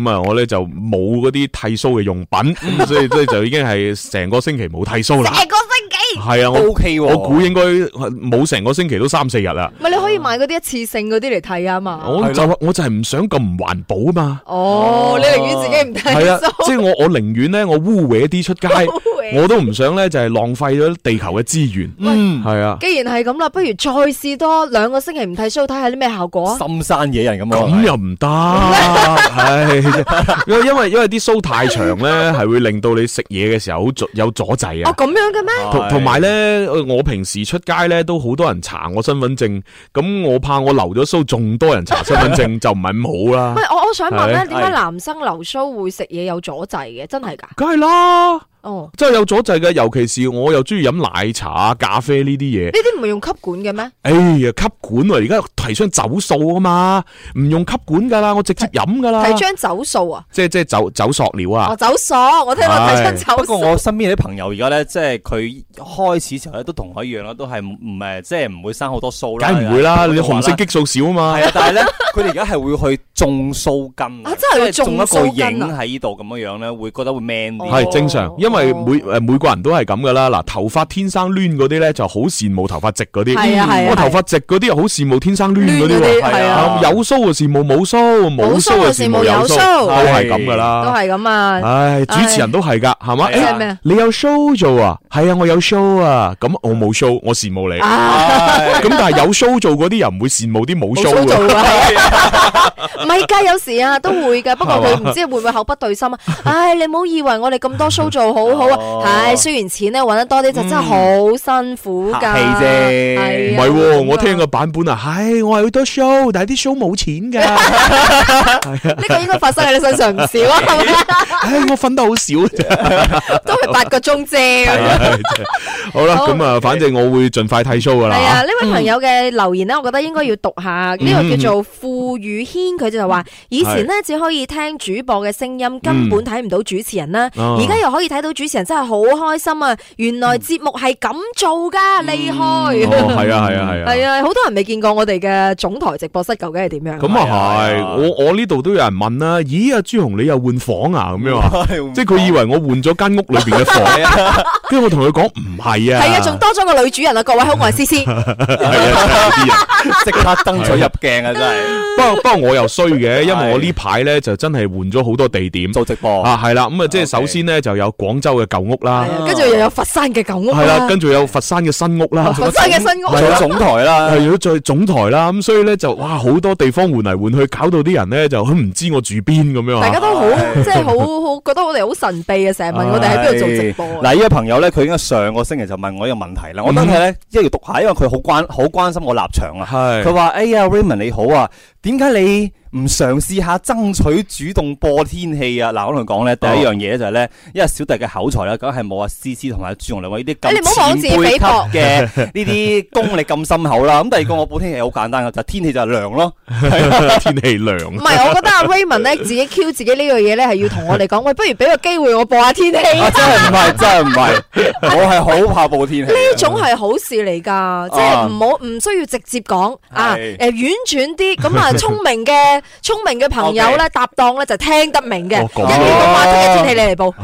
咁啊、嗯，我咧就冇嗰啲剃鬚嘅用品， 所以即係就已經係成個星期冇剃鬚啦。成個星期？係啊，我 OK，我估應該冇成個星期都三四日啦。唔係，你可以買嗰啲一次性嗰啲嚟剃啊嘛。我就我就係唔想咁唔環保啊嘛。哦，啊、你寧願自己唔剃。係啊，即、就、係、是、我我寧願咧，我污搲啲出街。 我都唔想咧，就係浪費咗地球嘅資源。係啊、嗯，既然係咁啦，不如再試多兩個星期唔剃鬚，睇下啲咩效果啊！深山野人咁啊，咁又唔得。係， 因為因為因為啲鬚太長咧，係會令到你食嘢嘅時候好有阻滯啊！哦，咁樣嘅咩？同同埋咧，我平時出街咧都好多人查我身份證，咁我怕我留咗鬚，仲多人查身份證， 就唔係咁好啦。喂，我我想問咧，點解是男生留鬚會食嘢有阻滯嘅？真係噶？梗係啦。哦，即係有阻滯嘅，尤其是我又中意飲奶茶、咖啡呢啲嘢。呢啲唔係用吸管嘅咩？哎呀，吸管啊！而家提倡走塑啊嘛，唔用吸管噶啦，我直接飲噶啦。提倡走塑啊？即係即係走走塑料啊？哦，走塑，我聽話提倡走塑。不過我身邊啲朋友而家咧，即係佢開始時候咧都同我一樣啦，都係唔唔即係唔會生好多鬚，梗唔會啦，你雄性激素少啊嘛。係啊，但係咧，佢哋而家係會去種鬚根，即係種一個影喺呢度咁樣樣咧，會覺得會 man 啲。係正常。因為每誒每個人都係咁噶啦，嗱頭髮天生攣嗰啲咧就好羨慕頭髮直嗰啲，我頭髮直嗰啲又好羨慕天生攣嗰啲係啊有 show 就羨慕冇 show，冇 show 就羨慕有 show，都係咁噶啦，都係咁啊！唉，主持人都係噶，係嘛？你有 show 做啊？係啊，我有 show 啊，咁我冇 show，我羨慕你。咁但係有 show 做嗰啲人唔會羨慕啲冇 show 唔係噶，有時啊都會噶，不過佢唔知會唔會口不對心啊？唉，你唔好以為我哋咁多 show 做。好好啊，係，雖然錢咧揾得多啲，就真係好辛苦噶。係啫，係啊，唔係，我聽個版本啊，唉，我係好多 show，但係啲 show 冇錢嘅。呢個應該發生喺你身上唔少啊，係咪？唉，我瞓得好少咋，都係八個鐘啫。好啦，咁啊，反正我會盡快睇 show 噶啦。係啊，呢位朋友嘅留言咧，我覺得應該要讀下。呢個叫做傅宇軒，佢就話以前呢，只可以聽主播嘅聲音，根本睇唔到主持人啦，而家又可以睇到。主持人真係好開心啊！原來節目係咁做噶，厲害！係啊係啊係啊！係啊，好多人未見過我哋嘅總台直播室究竟係點樣。咁啊係，我我呢度都有人問啦。咦，阿朱紅你又換房啊？咁樣啊，即係佢以為我換咗間屋裏邊嘅房。跟住我同佢講唔係啊。係啊，仲多咗個女主人啊！各位好，我係思思，即刻登台入鏡啊！真係。不過不過我又衰嘅，因為我呢排咧就真係換咗好多地點做直播啊。係啦，咁啊即係首先呢，就有廣州嘅舊屋啦，跟住又有佛山嘅舊屋係啦，跟住有佛山嘅新屋啦，佛山嘅新屋，係總台啦，如果再總台啦，咁 所以咧就哇好多地方換嚟換去，搞到啲人咧就唔知我住邊咁樣。大家都好，即係好好覺得我哋好神秘啊，成日問我哋喺邊度做直播。嗱、哎，呢位朋友咧，佢應該上個星期就問我呢個問題啦，嗯、我真係咧一條毒下，因為佢好關好關心我立場啊。係是，佢話：哎呀，Raymond 你好啊，點解你？唔嘗試下爭取主動播天氣啊！嗱，我同你講咧，第一樣嘢就係、是、咧，因為小弟嘅口才咧，梗係冇阿思思同埋朱紅兩位呢啲咁前輩級嘅呢啲功力咁深厚啦。咁第二個我播天氣好簡單噶，就是、天氣就係涼咯，天氣涼。唔係， 我覺得 Raymond 咧自己 Q 自己呢樣嘢咧，係要同我哋講，喂，不如俾個機會我播下天氣、啊。真係唔係，真係唔係， 我係好怕播天氣、啊。呢種係好事嚟噶，即係唔好唔需要直接講是啊，誒婉轉啲咁啊，聰明嘅。聰明嘅朋友咧，搭檔咧就聽得明嘅，呢個話題天氣你嚟報，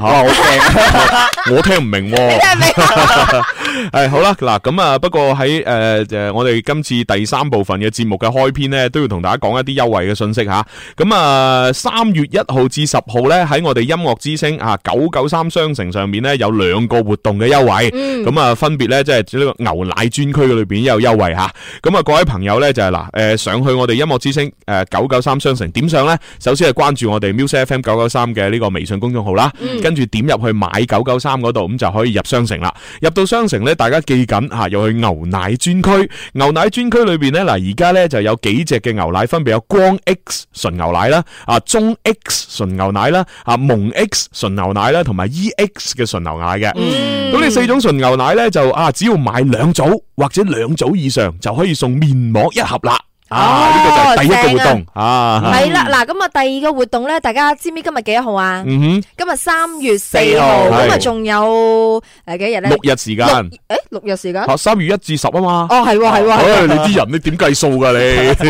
我聽唔明，你聽明？誒，好啦，嗱，咁啊，不過喺誒誒，我哋今次第三部分嘅節目嘅開篇咧，都要同大家講一啲優惠嘅信息吓。咁啊，三月一號至十號咧，喺我哋音樂之聲啊九九三商城上面咧，有兩個活動嘅優惠，咁啊，分別咧即係呢個牛奶專區嘅裏邊有優惠吓。咁啊，各位朋友咧就係嗱，誒，上去我哋音樂之聲誒九九。三商城點上咧？首先係關注我哋 Music FM 九九三嘅呢個微信公眾號啦，跟住點入去買九九三嗰度咁就可以入商城啦。入到商城咧，大家記緊嚇，又去牛奶專區。牛奶專區裏邊咧，嗱而家咧就有幾隻嘅牛奶，分別有光 X 純牛奶啦，啊中 X 純牛奶啦，啊蒙 X 純牛奶啦，同埋 EX 嘅純牛奶嘅。咁呢四種純牛奶咧就啊，只要買兩組或者兩組以上，就可以送面膜一盒啦。哦，呢個就係第一個活動啊！係啦，嗱咁啊，第二個活動咧，大家知唔知今日幾多號啊？嗯哼，今日三月四號，咁啊，仲有誒幾日咧？六日時間，誒，六日時間，三月一至十啊嘛。哦，係喎，係喎，你啲人你點計數噶你？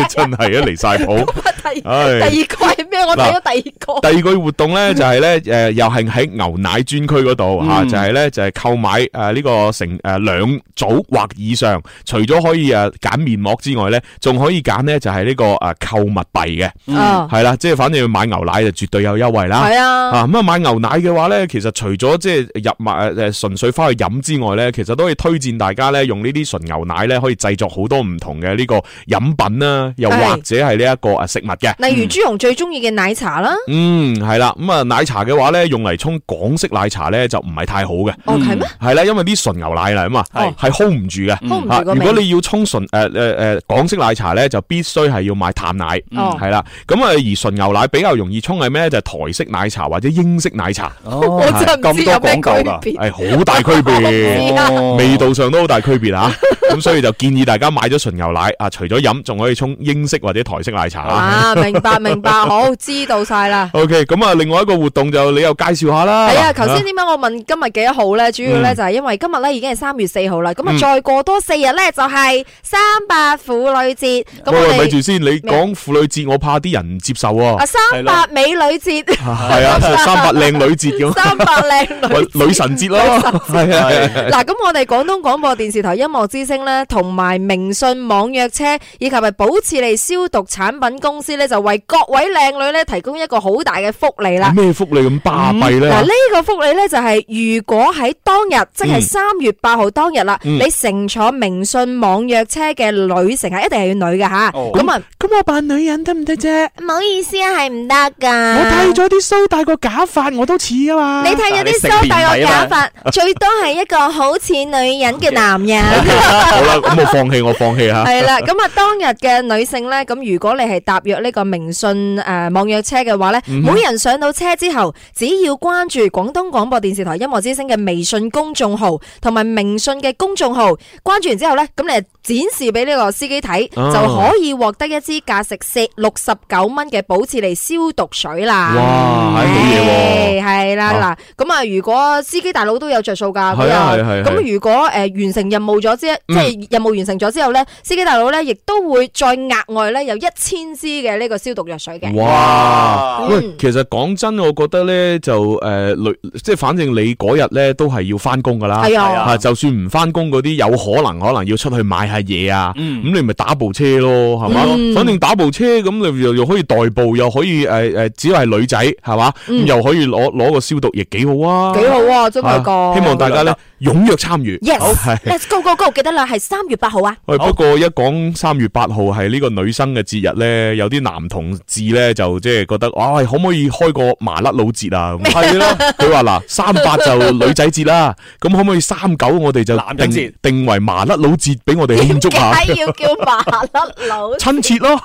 真係啊，離晒譜。咁啊，第二，第二個係咩？我睇咗第二個。第二個活動咧就係咧，誒，又係喺牛奶專區嗰度吓，就係咧就係購買誒呢個成誒兩組或以上，除咗可以誒揀面膜之外咧，仲可以。揀咧就係呢個誒購物幣嘅。哦，係啦，即係反正要買牛奶就絕對有優惠啦。係啊，啊，咁啊買牛奶嘅話咧，其實除咗即係入買誒純粹翻去飲之外咧，其實都可以推薦大家咧用呢啲純牛奶咧可以製作好多唔同嘅呢個飲品啦，啊，又或者係呢一個誒食物嘅、嗯。例如朱紅最中意嘅奶茶啦，嗯。嗯，係啦，咁啊奶茶嘅話咧，用嚟沖港式奶茶咧就唔係太好嘅。哦，係咩？係啦，因為啲純牛奶嚟啊嘛，係係 hold 唔住嘅，啊。如果你要沖純誒誒誒港式奶茶咧就。必須係要買淡奶，係啦。咁啊，而純牛奶比較容易沖係咩？就係台式奶茶或者英式奶茶。哦，咁多講究啊，係好大區別，味道上都好大區別啊。咁所以就建議大家買咗純牛奶啊，除咗飲，仲可以沖英式或者台式奶茶。啊，明白，明白，好，知道晒啦。OK，咁啊，另外一個活動就你又介紹下啦。係啊，頭先點解我問今日幾多號咧？主要咧就係因為今日咧已經係三月四號啦。咁啊，再過多四日咧就係三八婦女節。我話咪住先，你講婦女節，我怕啲人唔接受喎。三八美女節，係啊，三八靚女節咁，三八靚女神節咯，係啊。嗱，咁我哋廣東廣播電視台音樂之聲咧，同埋明信網約車以及係保廸利消毒產品公司咧，就為各位靚女咧提供一個好大嘅福利啦。咩福利咁巴閉咧？嗱，呢個福利咧就係，如果喺當日，即係三月八號當日啦，你乘坐明信網約車嘅女乘客，一定係要女嘅嚇。咁啊，咁我扮女人得唔得啫？唔好意思啊，係唔得噶。我剃咗啲鬚，戴個假髮，我都似啊嘛。你剃咗啲鬚，戴個假髮，最多係一個好似女人嘅男人。好啦，咁我放棄，我放棄吓。係啦，咁啊，當日嘅女性咧，咁如果你係搭約呢個明信誒網約車嘅話咧，每人上到車之後，只要關注廣東廣播電視台音樂之聲嘅微信公眾號同埋明信嘅公眾號，關注完之後咧，咁你展示俾呢個司機睇就可。可以獲得一支價值四六十九蚊嘅保持嚟消毒水啦！哇，係好嘢，係啦嗱，咁啊，如果司機大佬都有着數噶，係係係，咁如果誒完成任務咗之，即係任務完成咗之後咧，司機大佬咧亦都會再額外咧有一千支嘅呢個消毒藥水嘅。哇，喂，其實講真，我覺得咧就誒，即係反正你嗰日咧都係要翻工噶啦，係啊，啊，就算唔翻工嗰啲，有可能可能要出去買下嘢啊，咁你咪打部車咯。係嘛，反正打部車咁又又可以代步，又可以誒誒，只要係女仔係嘛，又可以攞攞個消毒液，幾好啊！幾好啊！祝大家希望大家咧踊躍參與。Yes，係，Go Go Go！記得啦，係三月八號啊。喂，不過一講三月八號係呢個女生嘅節日咧，有啲男同志咧就即係覺得，哇，可唔可以開個麻甩佬節啊？係啦，佢話嗱，三八就女仔節啦，咁可唔可以三九我哋就定，男人節，定為麻甩佬節俾我哋慶祝下？點解要叫麻甩？親切咯，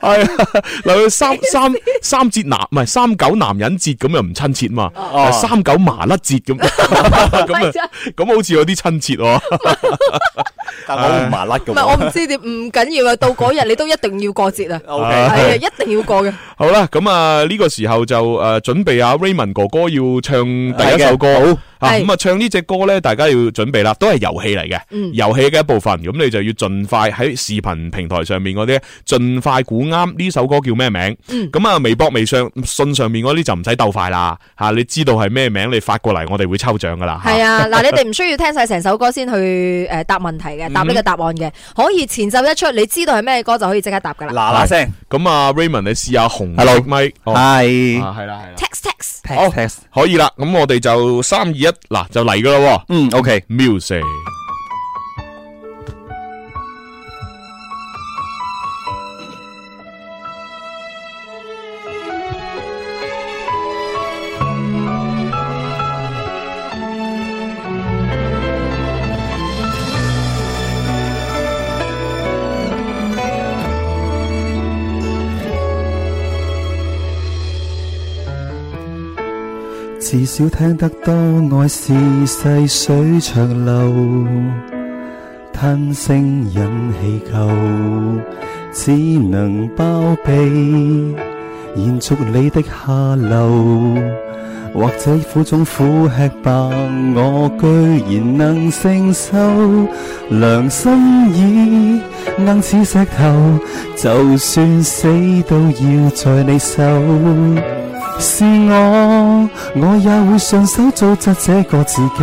係啊，嚟三三三節男唔係三九男人節咁又唔親切嘛，三九麻甩節咁，咁啊，咁好似有啲親切喎，但係我唔麻甩嘅，唔係我唔知點，唔緊要啊，到嗰日你都一定要過節啊，係啊，一定要過嘅。好啦，咁啊呢個時候就誒準備阿 Raymond 哥哥要唱第一首歌。咁啊，唱呢隻歌咧，大家要準備啦，都係遊戲嚟嘅，遊戲嘅一部分。咁你就要盡快喺視頻平台上面嗰啲，盡快估啱呢首歌叫咩名？咁、嗯、啊，微博、微信、信上面嗰啲就唔使鬥快啦。吓、啊，你知道係咩名，你發過嚟，我哋會抽獎噶啦。係啊，嗱、啊， 你哋唔需要聽晒成首歌先去誒、呃、答問題嘅，答呢個答案嘅，嗯、可以前奏一出，你知道係咩歌就可以即刻答噶啦。嗱嗱聲，咁的啊 Raymond，你試下紅 Hello Mike 係係啦，係啦。哦，test，可以啦，咁我哋就三二一，嗱就嚟噶啦，嗯，OK，music。自小聽得多愛是細水長流，吞聲忍氣舊，只能包庇延續你的下流。或者苦中苦吃飽，我居然能承受良心已硬似石頭，就算死都要在你手。是我，我也會順手做就這個自己，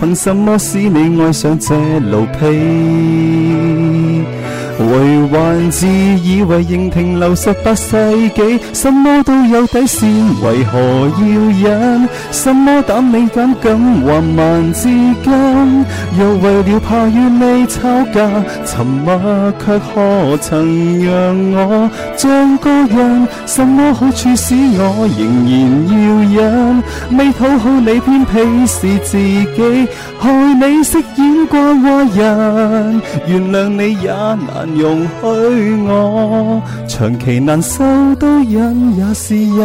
憑什麼使你愛上這奴婢？回環自以為仍停留十八世紀，什麼都有底線，為何要忍？什麼膽美感感云迷至今，又為了怕與你吵架，沉默卻何曾讓我像個人？什麼好處使我仍然要忍？未討好你偏鄙視自己，害你飾演過壞人，原諒你也難。難容許我長期難受，都忍也是忍。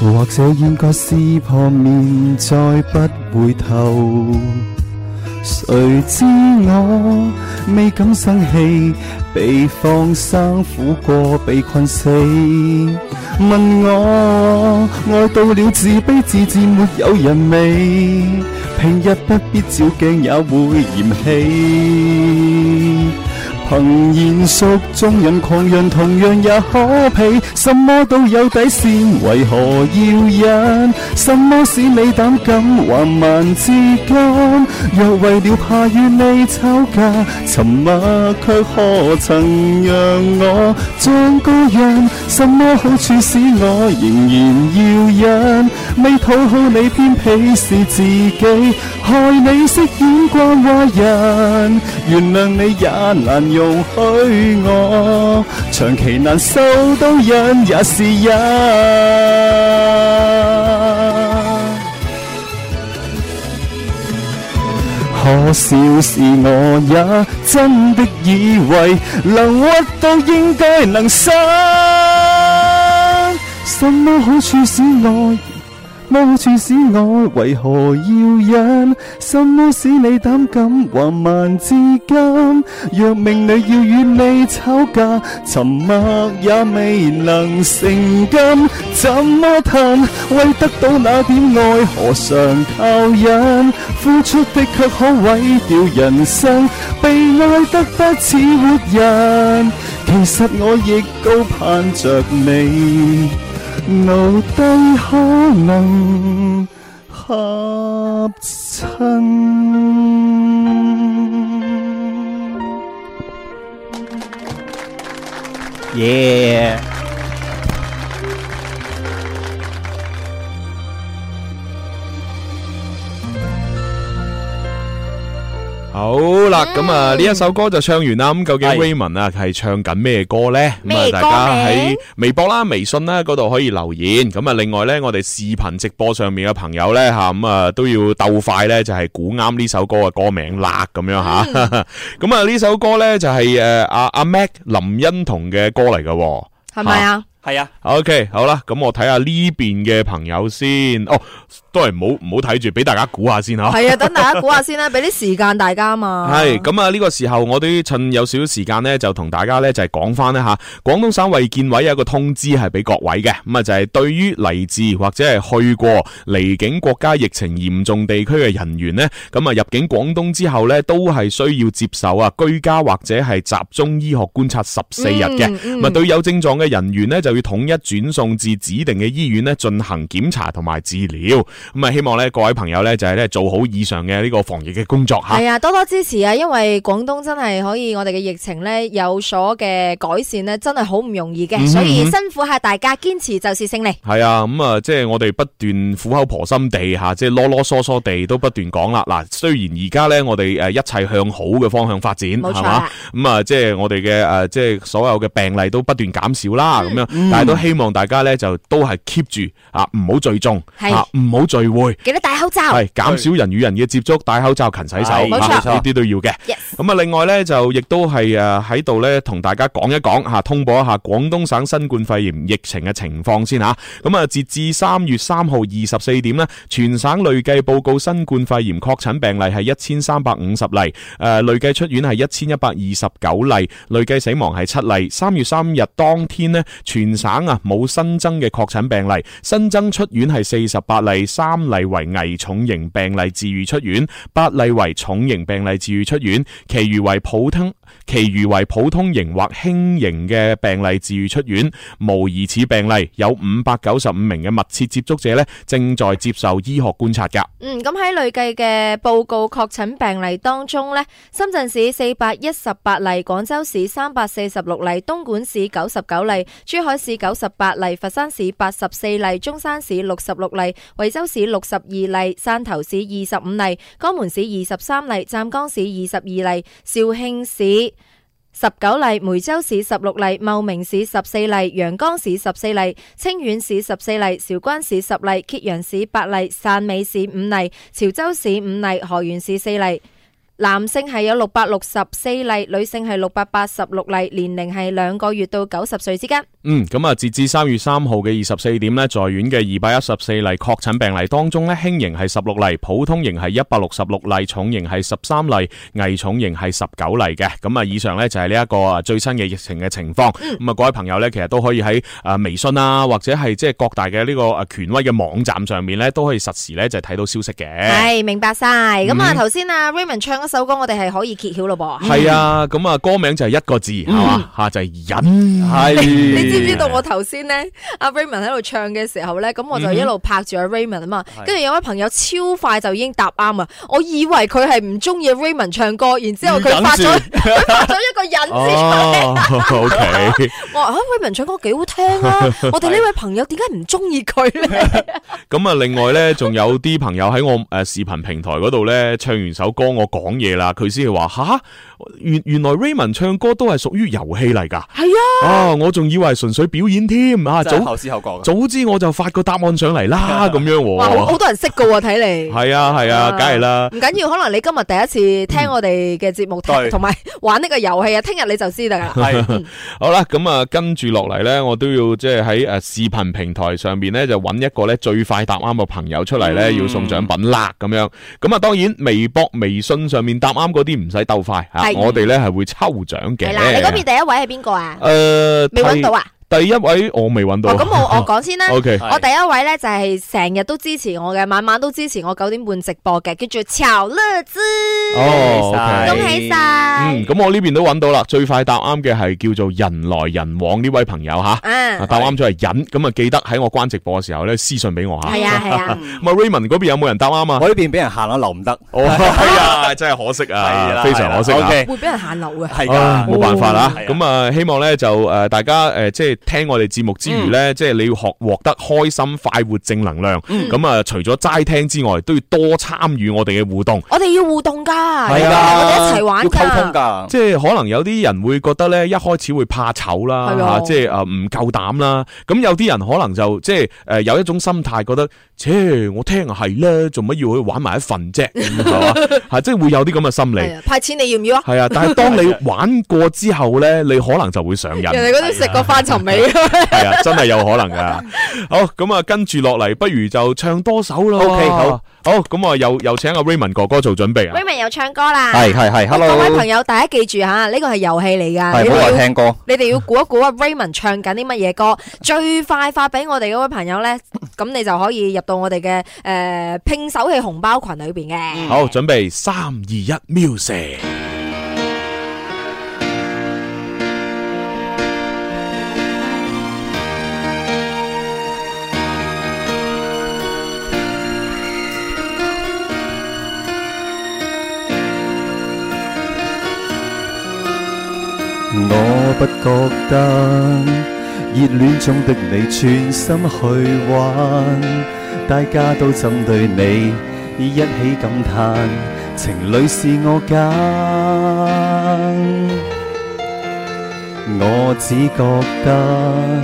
或者應該撕破面，再不回頭。誰知我未敢生氣，被放生苦過被困死。問我愛到了自卑，自賤沒有人味，平日不必照鏡也會嫌棄。憑賢淑縱人狂人同樣也可鄙。什麼都有底線，為何要忍？什麼使你膽敢橫蠻至今？若為了怕與你吵架，沉默卻可曾讓我像個人？什麼好處使我仍然要忍？未討好你，偏鄙視自己，害你飾演過壞人。原諒你也難容許我，長期難受都忍也是忍。可笑是我也真的以為，能屈都應該能伸。什麼好處使我，什麼好處使我為何要忍？什麼使你膽敢橫蠻至今？若命裏要與你吵架，沉默也未能成金。怎麼談？為得到那點愛，何嘗靠忍？付出的卻可毀掉人生，被愛得不似活人。其實我亦高攀着你。奴婢可能合襯，耶。好啦，咁啊呢一首歌就唱完啦。咁究竟 Raymond 啊係唱緊咩歌咧？咁啊大家喺微博啦、微信啦嗰度可以留言。咁啊另外咧，我哋視頻直播上面嘅朋友咧吓咁啊都要鬥快咧，就係估啱呢首歌嘅歌名啦咁樣吓。咁啊呢首歌咧就係誒阿阿 Mac 林欣彤嘅歌嚟㗎喎。係咪啊？係啊。OK，好啦，咁我睇下呢邊嘅朋友先。哦。都係唔好唔好睇住，俾大家估下先吓。係啊，等大家估下先啦，俾啲時間大家嘛。係咁啊，呢個時候我都要趁有少少時間呢，就同大家呢，就係講翻呢。吓。廣東省衛健委有一個通知係俾各位嘅，咁啊就係、是、對於嚟自或者係去過離境國家疫情嚴重地區嘅人員呢，咁啊入境廣東之後呢，都係需要接受啊居家或者係集中醫學觀察十四日嘅。啊、嗯嗯、對有症狀嘅人員呢，就要統一轉送至指定嘅醫院呢，進行檢查同埋治療。咁啊，希望咧，各位朋友咧，就係咧做好以上嘅呢個防疫嘅工作吓。係啊，多多支持啊，因為廣東真係可以，我哋嘅疫情咧有所嘅改善咧，真係好唔容易嘅，嗯哼嗯哼，所以辛苦下大家，堅持就是勝利。係啊，咁、嗯、啊，即係我哋不斷苦口婆心地吓，即係囉囉嗦嗦地都不斷講啦。嗱，雖然而家咧我哋誒一切向好嘅方向發展，係嘛、啊，咁、嗯、啊，即係我哋嘅誒，即係所有嘅病例都不斷減少啦，咁樣、嗯，嗯、但係都希望大家咧就都係 keep 住唔好係啊，唔好聚眾，啊，唔好。聚會記得戴口罩，係減少人與人嘅接觸，戴口罩、勤洗手，冇錯呢啲都要嘅。咁啊 Yes、嗯，另外呢，就亦都係誒喺度呢同大家講一講吓，通報一下廣東省新冠肺炎疫情嘅情況先吓。咁啊，截至三月三號二十四點呢，全省累計報告新冠肺炎確診病例係一千三百五十例，誒、呃、累計出院係一千一百二十九例，累計死亡係七例。三月三日當天呢，全省啊冇新增嘅確診病例，新增出院係四十八例。三例為危重型病例治愈出院，八例為重型病例治愈出院，其餘為普通。其餘為普通型或輕型嘅病例治愈出院，無疑似病例。有五百九十五名嘅密切接觸者咧，正在接受醫學觀察。噶嗯咁喺累計嘅報告確診病例當中咧，深圳市四百一十八例，廣州市三百四十六例，東莞市九十九例，珠海市九十八例，佛山市八十四例，中山市六十六例，惠州市六十二例，汕頭市二十五例，江門市二十三例，湛江市二十二例，肇慶市。十九例，梅州市十六例，茂名市十四例，陽江市十四例，清遠市十四例，韶關市十例，揭陽市八例，汕尾市五例，潮州市五例，河源市四例。男性係有六百六十四例，女性係六百八十六例，年齡係兩個月到九十歲之間。嗯，咁啊，截至三月三號嘅二十四點呢，在院嘅二百一十四例確診病例當中咧，輕型係十六例，普通型係一百六十六例，重型係十三例，危重型係十九例嘅。咁啊，以上呢就係呢一個啊最新嘅疫情嘅情況。咁啊、嗯，各位朋友呢，其實都可以喺微信啊，或者係即係各大嘅呢個啊權威嘅網站上面呢，都可以實時呢就係睇到消息嘅。係，明白晒。咁啊，頭先啊 Raymond 唱首歌我哋係可以揭曉咯噃，係啊，咁啊歌名就係一個字，係嘛吓就係忍，係。你知唔知道我頭先咧阿 Raymond 喺度唱嘅時候咧，咁我就一路拍住阿 Raymond 啊嘛，跟住有位朋友超快就已經答啱啊，我以為佢係唔中意 Raymond 唱歌，然之後佢發咗佢發咗一個忍字出嚟，OK，我話啊 Raymond 唱歌幾好聽啊，我哋呢位朋友點解唔中意佢咧？咁啊，另外咧仲有啲朋友喺我誒視頻平台嗰度咧唱完首歌，我講。嘢啦，佢先係話吓，原原來 Raymond 唱歌都係屬於遊戲嚟噶，係啊，啊，我仲以為純粹表演添啊，早後知後覺，早知我就發個答案上嚟啦，咁樣喎，好多人識噶喎，睇嚟，係啊係啊，梗係啦，唔緊要，可能你今日第一次聽我哋嘅節目，同埋、嗯、玩呢個遊戲啊，聽日你就知得噶啦，係對，嗯、 好啦，咁啊跟住落嚟咧，我都要即係喺誒視頻平台上面咧，就揾一個咧最快答啱個朋友出嚟咧，要送獎品啦，咁樣、嗯，咁啊當然微博、微信上面。答啱嗰啲唔使鬥快吓，我哋咧係會抽獎嘅。係啦，你嗰邊第一位係邊個啊？誒、呃，未搵到啊？第一位我未揾到，咁我我講先啦。O K，我第一位咧就係成日都支持我嘅，晚晚都支持我九點半直播嘅，叫做潮樂之。哦，恭喜晒，嗯，咁我呢邊都揾到啦，最快答啱嘅係叫做人來人往呢位朋友吓，嗯，答啱咗係人，咁啊記得喺我關直播嘅時候咧私信俾我吓。係啊係啊，咪 Raymond 嗰邊有冇人答啱啊？我呢邊俾人限流唔得，係啊，真係可惜啊，係啊，非常可惜 ok 會俾人限流嘅，係啊，冇辦法啦咁啊希望咧就誒大家誒即係。聽我哋節目之餘咧，嗯、即係你要學獲得開心、快活、正能量。咁、嗯、啊，除咗齋聽之外，都要多參與我哋嘅互動。我哋要互動噶，的我哋一齊玩，要溝通噶。即係可能有啲人會覺得咧，一開始會怕醜啦，嗎啊、即係唔夠膽啦。咁有啲人可能就即係誒，有一種心態，覺得，切、欸，我聽係呢，做乜要去玩埋一份啫，係即係會有啲咁嘅心理。派錢你要唔要啊？係啊，但係當你玩過之後咧，你可能就會上癮。人哋嗰啲食個花係啊，真係有可能噶。好，咁啊，跟住落嚟，不如就唱多首咯。OK，好，好，咁啊，又又請阿 Raymond 哥哥做準備啊。Raymond 又唱歌啦。係係係。Hello，各位朋友，大家記住吓，呢個係遊戲嚟噶。你要聽歌，你哋要估一估阿 Raymond 唱緊啲乜嘢歌，最快發俾我哋嗰位朋友咧，咁你就可以入到我哋嘅誒拼手氣紅包群裏邊嘅。好，準備，三二一，music。我不覺得，熱戀中的你全心去玩，大家都針對你，一起感嘆，情侶是我揀。我只覺得，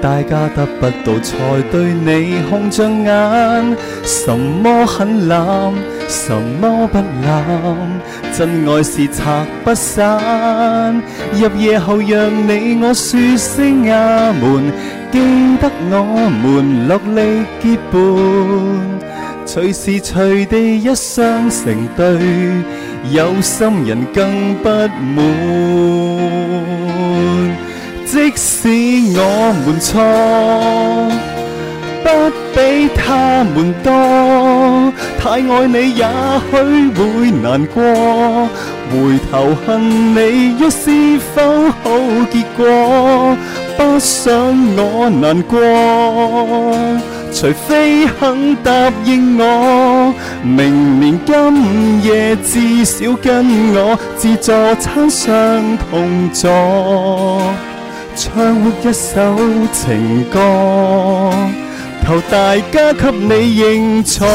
大家得不到才對你紅着眼，什麼狠心？什麼不冷？真愛是拆不散。入夜後，讓你我說聲阿門，記得我們落力結伴，隨時隨地一雙成對，有心人更不滿。即使我們錯，不。比他們多，太愛你也許會難過。回頭恨你，又是否好結果？不想我難過，除非肯答應我，明年今夜至少跟我自助餐上同座，唱活一首情歌。求大家給你認錯，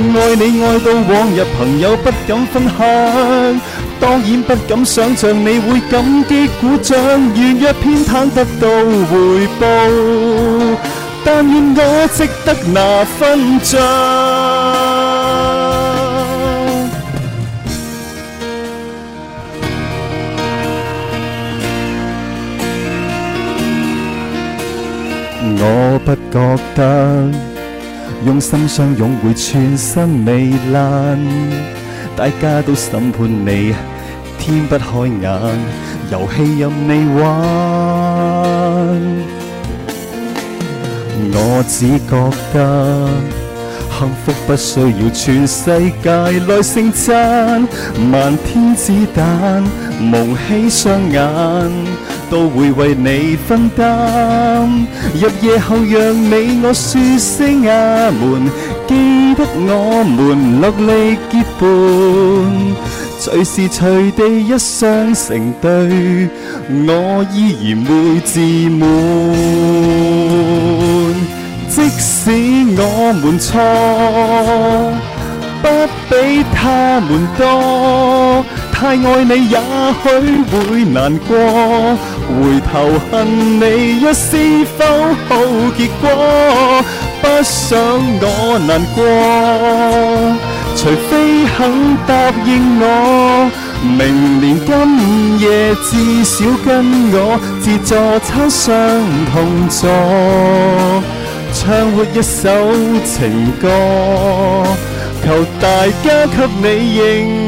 愛你愛到往日朋友不敢分享，當然不敢想象你會感激鼓掌。若偏袒得到回報，但願我值得拿分賬。我不覺得，用心相擁會全身未爛，大家都審判你，天不開眼，遊戲任你玩。我只覺得，幸福不需要全世界來盛讚，漫天子彈蒙起雙眼。都會為你分擔。入夜後，讓你我說聲阿門，記得我們落力結伴，隨時隨地一雙成對，我依然會自滿。即使我們錯，不比他們多。太愛你，也許會難過。回頭恨你，一是否好結果？不想我難過，除非肯答應我。明年今夜，至少跟我自助餐上同座，唱活一首情歌，求大家給你認。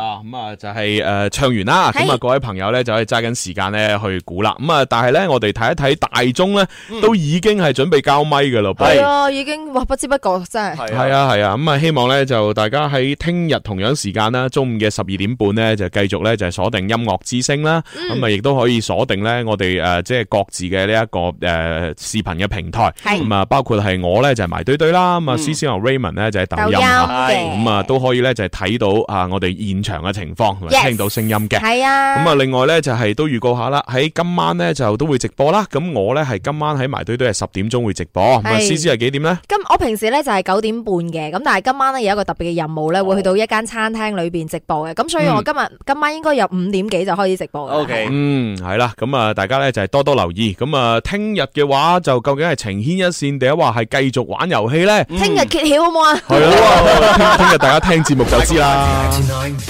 啊，咁、嗯、啊就係、是、誒、呃、唱完啦，咁啊是各位朋友咧就可以揸緊時間咧去估啦。咁、嗯、啊，但係咧我哋睇一睇大鐘咧、嗯、都已經係準備交咪噶咯。係是啊，已經哇不知不覺真係。係啊係啊，咁啊，啊、嗯、希望咧就大家喺聽日同樣時間啦，中午嘅十二點半咧就繼續咧就係鎖定音樂之聲啦。咁啊亦都可以鎖定咧我哋誒即係各自嘅呢一個誒視頻嘅平台。係咁啊包括係我咧就係埋堆堆啦。咁啊 C C 王 Raymond 咧就係抖音啦，係咁啊都可以咧就係睇到啊我哋現場。長嘅情況，聽到聲音嘅係啊。咁啊，另外咧就係都預告下啦。喺今晚咧就都會直播啦。咁我咧係今晚喺埋堆堆係十點鐘會直播。唔係思思係幾點咧？咁我平時咧就係九點半嘅。咁但係今晚咧有一個特別嘅任務咧，會去到一間餐廳裏面直播嘅。咁所以我今日今晚應該有五點幾就開始直播。O K，嗯，係啦。咁啊，大家咧就係多多留意。咁啊，聽日嘅話就究竟係晴天一線，定係話係繼續玩遊戲咧？聽日揭曉好唔好啊？好啊！聽日大家聽節目就知啦。